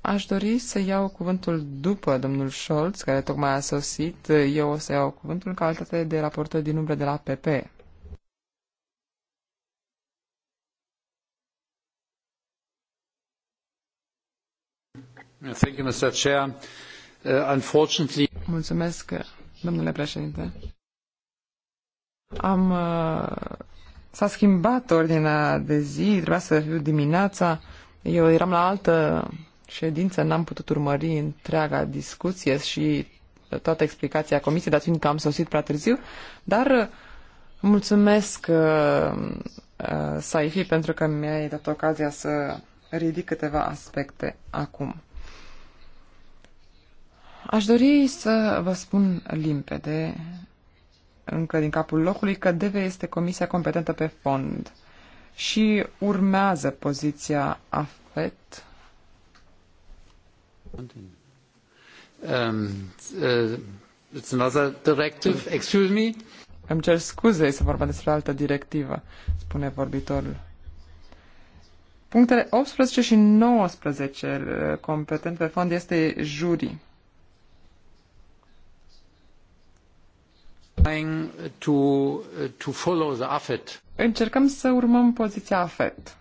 Aș dori să iau cuvântul după domnul Scholz, care tocmai a sosit. Eu o să iau cuvântul în calitate de raportor din umbră de la PP. Thank you, Mr. Chair. Uh, unfortunately... Mulțumesc, domnule președinte. Am... Uh, s-a schimbat ordinea de zi, trebuia să fiu dimineața. Eu eram la altă ședință, n-am putut urmări întreaga discuție și toată explicația comisiei, dar fiindcă am sosit prea târziu, dar uh, mulțumesc uh, uh, Saifi pentru că mi-ai dat ocazia să ridic câteva aspecte acum. Aș dori să vă spun limpede, încă din capul locului, că DV este comisia competentă pe fond și urmează poziția AFET. Um, uh, it's another directive, excuse me. Îmi cer scuze, este vorba despre altă directivă, spune vorbitorul. Punctele 18 și 19, uh, competent pe fond, este jurii. Uh, Încercăm să urmăm poziția AFET.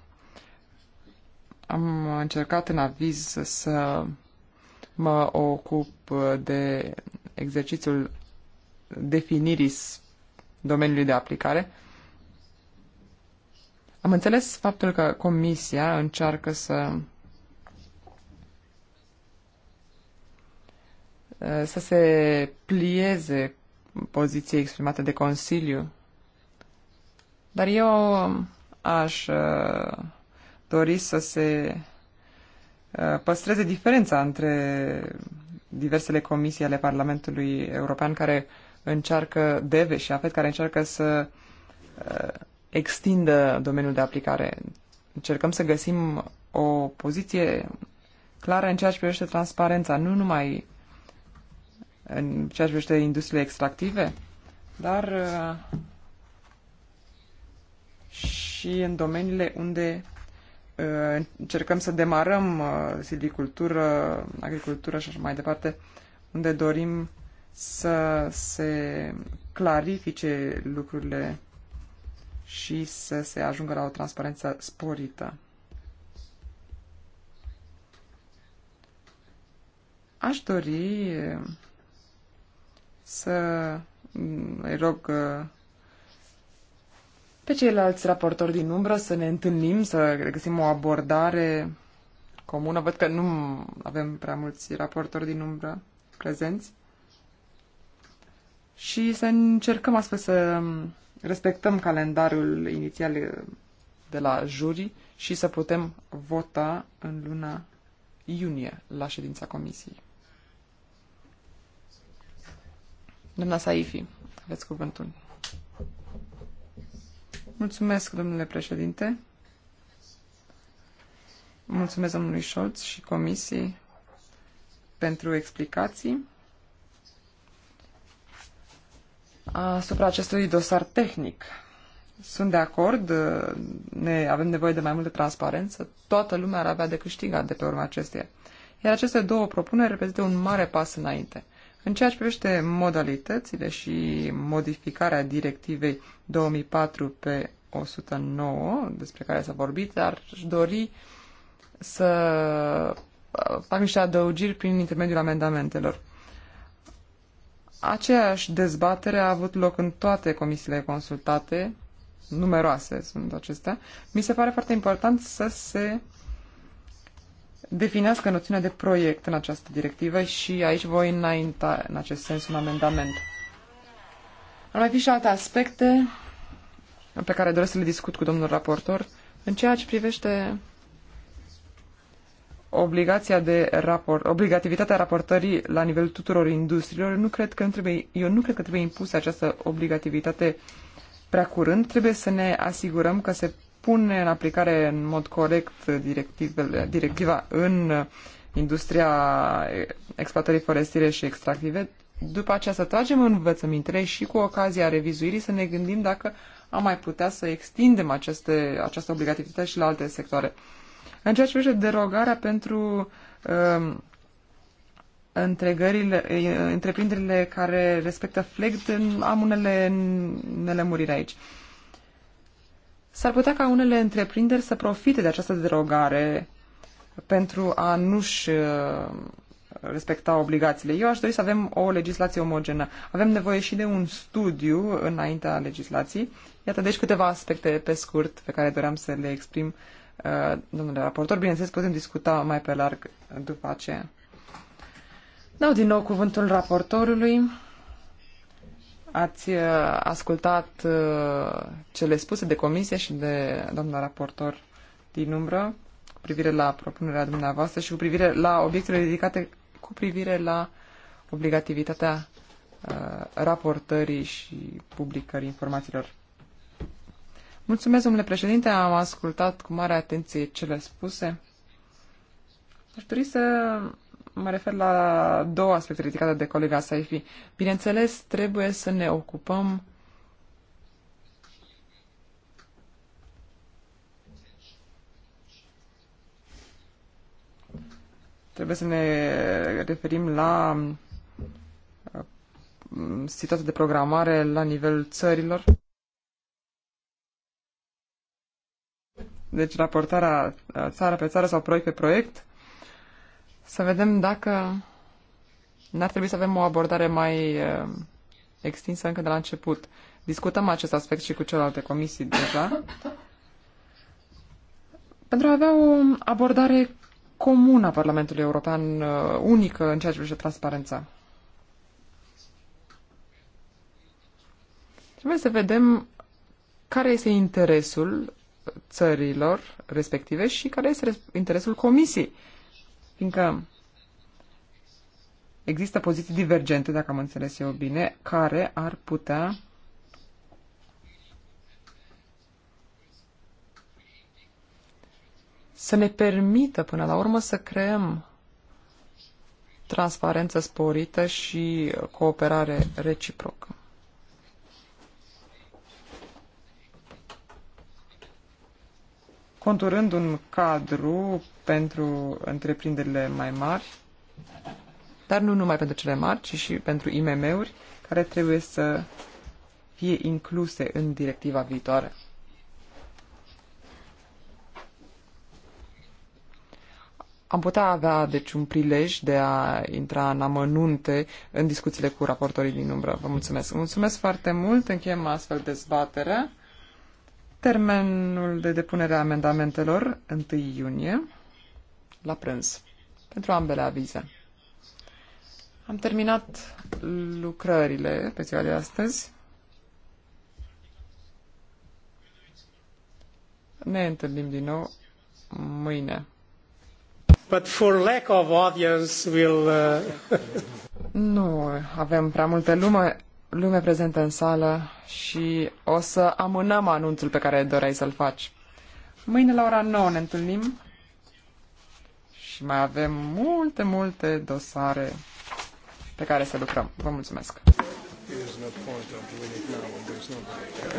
Am încercat în aviz să mă ocup de exercițiul definirii domeniului de aplicare. Am înțeles faptul că Comisia încearcă să să se plieze poziție exprimată de Consiliu. Dar eu aș uh, dori să se uh, păstreze diferența între diversele comisii ale Parlamentului European care încearcă, DEVE și AFET, care încearcă să uh, extindă domeniul de aplicare. Încercăm să găsim o poziție clară în ceea ce privește transparența, nu numai în ceea ce privește industriile extractive, dar uh, și în domeniile unde uh, încercăm să demarăm uh, silvicultură, agricultură și așa mai departe, unde dorim să se clarifice lucrurile și să se ajungă la o transparență sporită. Aș dori să mm, îi rog uh, pe ceilalți raportori din umbră să ne întâlnim, să găsim o abordare comună. Văd că nu avem prea mulți raportori din umbră prezenți. Și să încercăm astfel să respectăm calendarul inițial de la juri și să putem vota în luna iunie la ședința comisiei. Doamna Saifi, aveți cuvântul. Mulțumesc, domnule președinte. Mulțumesc domnului Scholz și comisiei pentru explicații asupra acestui dosar tehnic. Sunt de acord, ne avem nevoie de mai multă transparență, toată lumea ar avea de câștigat de pe urma acesteia. Iar aceste două propuneri reprezintă un mare pas înainte. În ceea ce privește modalitățile și modificarea directivei 2004 pe 109, despre care s-a vorbit, dar dori să uh, fac niște adăugiri prin intermediul amendamentelor. Aceeași dezbatere a avut loc în toate comisiile consultate, numeroase sunt acestea. Mi se pare foarte important să se definească noțiunea de proiect în această directivă și aici voi înainta în acest sens un amendament. Ar mai fi și alte aspecte pe care doresc să le discut cu domnul raportor în ceea ce privește obligația de raport, obligativitatea raportării la nivelul tuturor industriilor, nu cred că nu trebuie, eu nu cred că trebuie impusă această obligativitate prea curând. Trebuie să ne asigurăm că se pune în aplicare în mod corect directiva în industria exploatării forestiere și extractive, după aceea să tragem învățămintele și cu ocazia revizuirii să ne gândim dacă am mai putea să extindem aceste, această obligativitate și la alte sectoare. În ceea ce privește derogarea pentru um, întreprinderile care respectă flect, am unele nelămuriri aici. Uh, S-ar putea ca unele întreprinderi să profite de această derogare pentru a nu-și uh, respecta obligațiile. Eu aș dori să avem o legislație omogenă. Avem nevoie și de un studiu înaintea legislației. Iată, deci câteva aspecte pe scurt pe care doream să le exprim, uh, domnule raportor. Bineînțeles, putem discuta mai pe larg după aceea. Dau din nou cuvântul raportorului ați uh, ascultat uh, cele spuse de comisie și de doamna raportor din umbră cu privire la propunerea dumneavoastră și cu privire la obiectele ridicate cu privire la obligativitatea uh, raportării și publicării informațiilor. Mulțumesc, domnule președinte, am ascultat cu mare atenție cele spuse. Aș dori să mă refer la două aspecte ridicate de colega Saifi. Bineînțeles, trebuie să ne ocupăm trebuie să ne referim la uh, situația de programare la nivel țărilor. Deci raportarea uh, țară pe țară sau proiect pe proiect să vedem dacă n-ar trebui să avem o abordare mai eh, extinsă încă de la început. Discutăm acest aspect și cu celelalte comisii deja. Pentru a avea o abordare comună a Parlamentului European, eh, unică în ceea ce privește transparența. Trebuie să vedem care este interesul țărilor respective și care este interesul comisiei fiindcă există poziții divergente, dacă am înțeles eu bine, care ar putea să ne permită până la urmă să creăm transparență sporită și cooperare reciprocă. conturând un cadru pentru întreprinderile mai mari, dar nu numai pentru cele mari, ci și pentru IMM-uri, care trebuie să fie incluse în directiva viitoare. Am putea avea, deci, un prilej de a intra în amănunte în discuțiile cu raportorii din umbră. Vă mulțumesc. Mulțumesc foarte mult. Încheiem astfel dezbaterea. Termenul de depunere a amendamentelor, 1 iunie, la prânz, pentru ambele avize. Am terminat lucrările pe ziua de astăzi. Ne întâlnim din nou mâine. But for lack of audience, we'll... Uh... nu avem prea multă lume, lume prezentă în sală și o să amânăm anunțul pe care doreai să-l faci. Mâine la ora 9 ne întâlnim și mai avem multe, multe dosare pe care să lucrăm. Vă mulțumesc!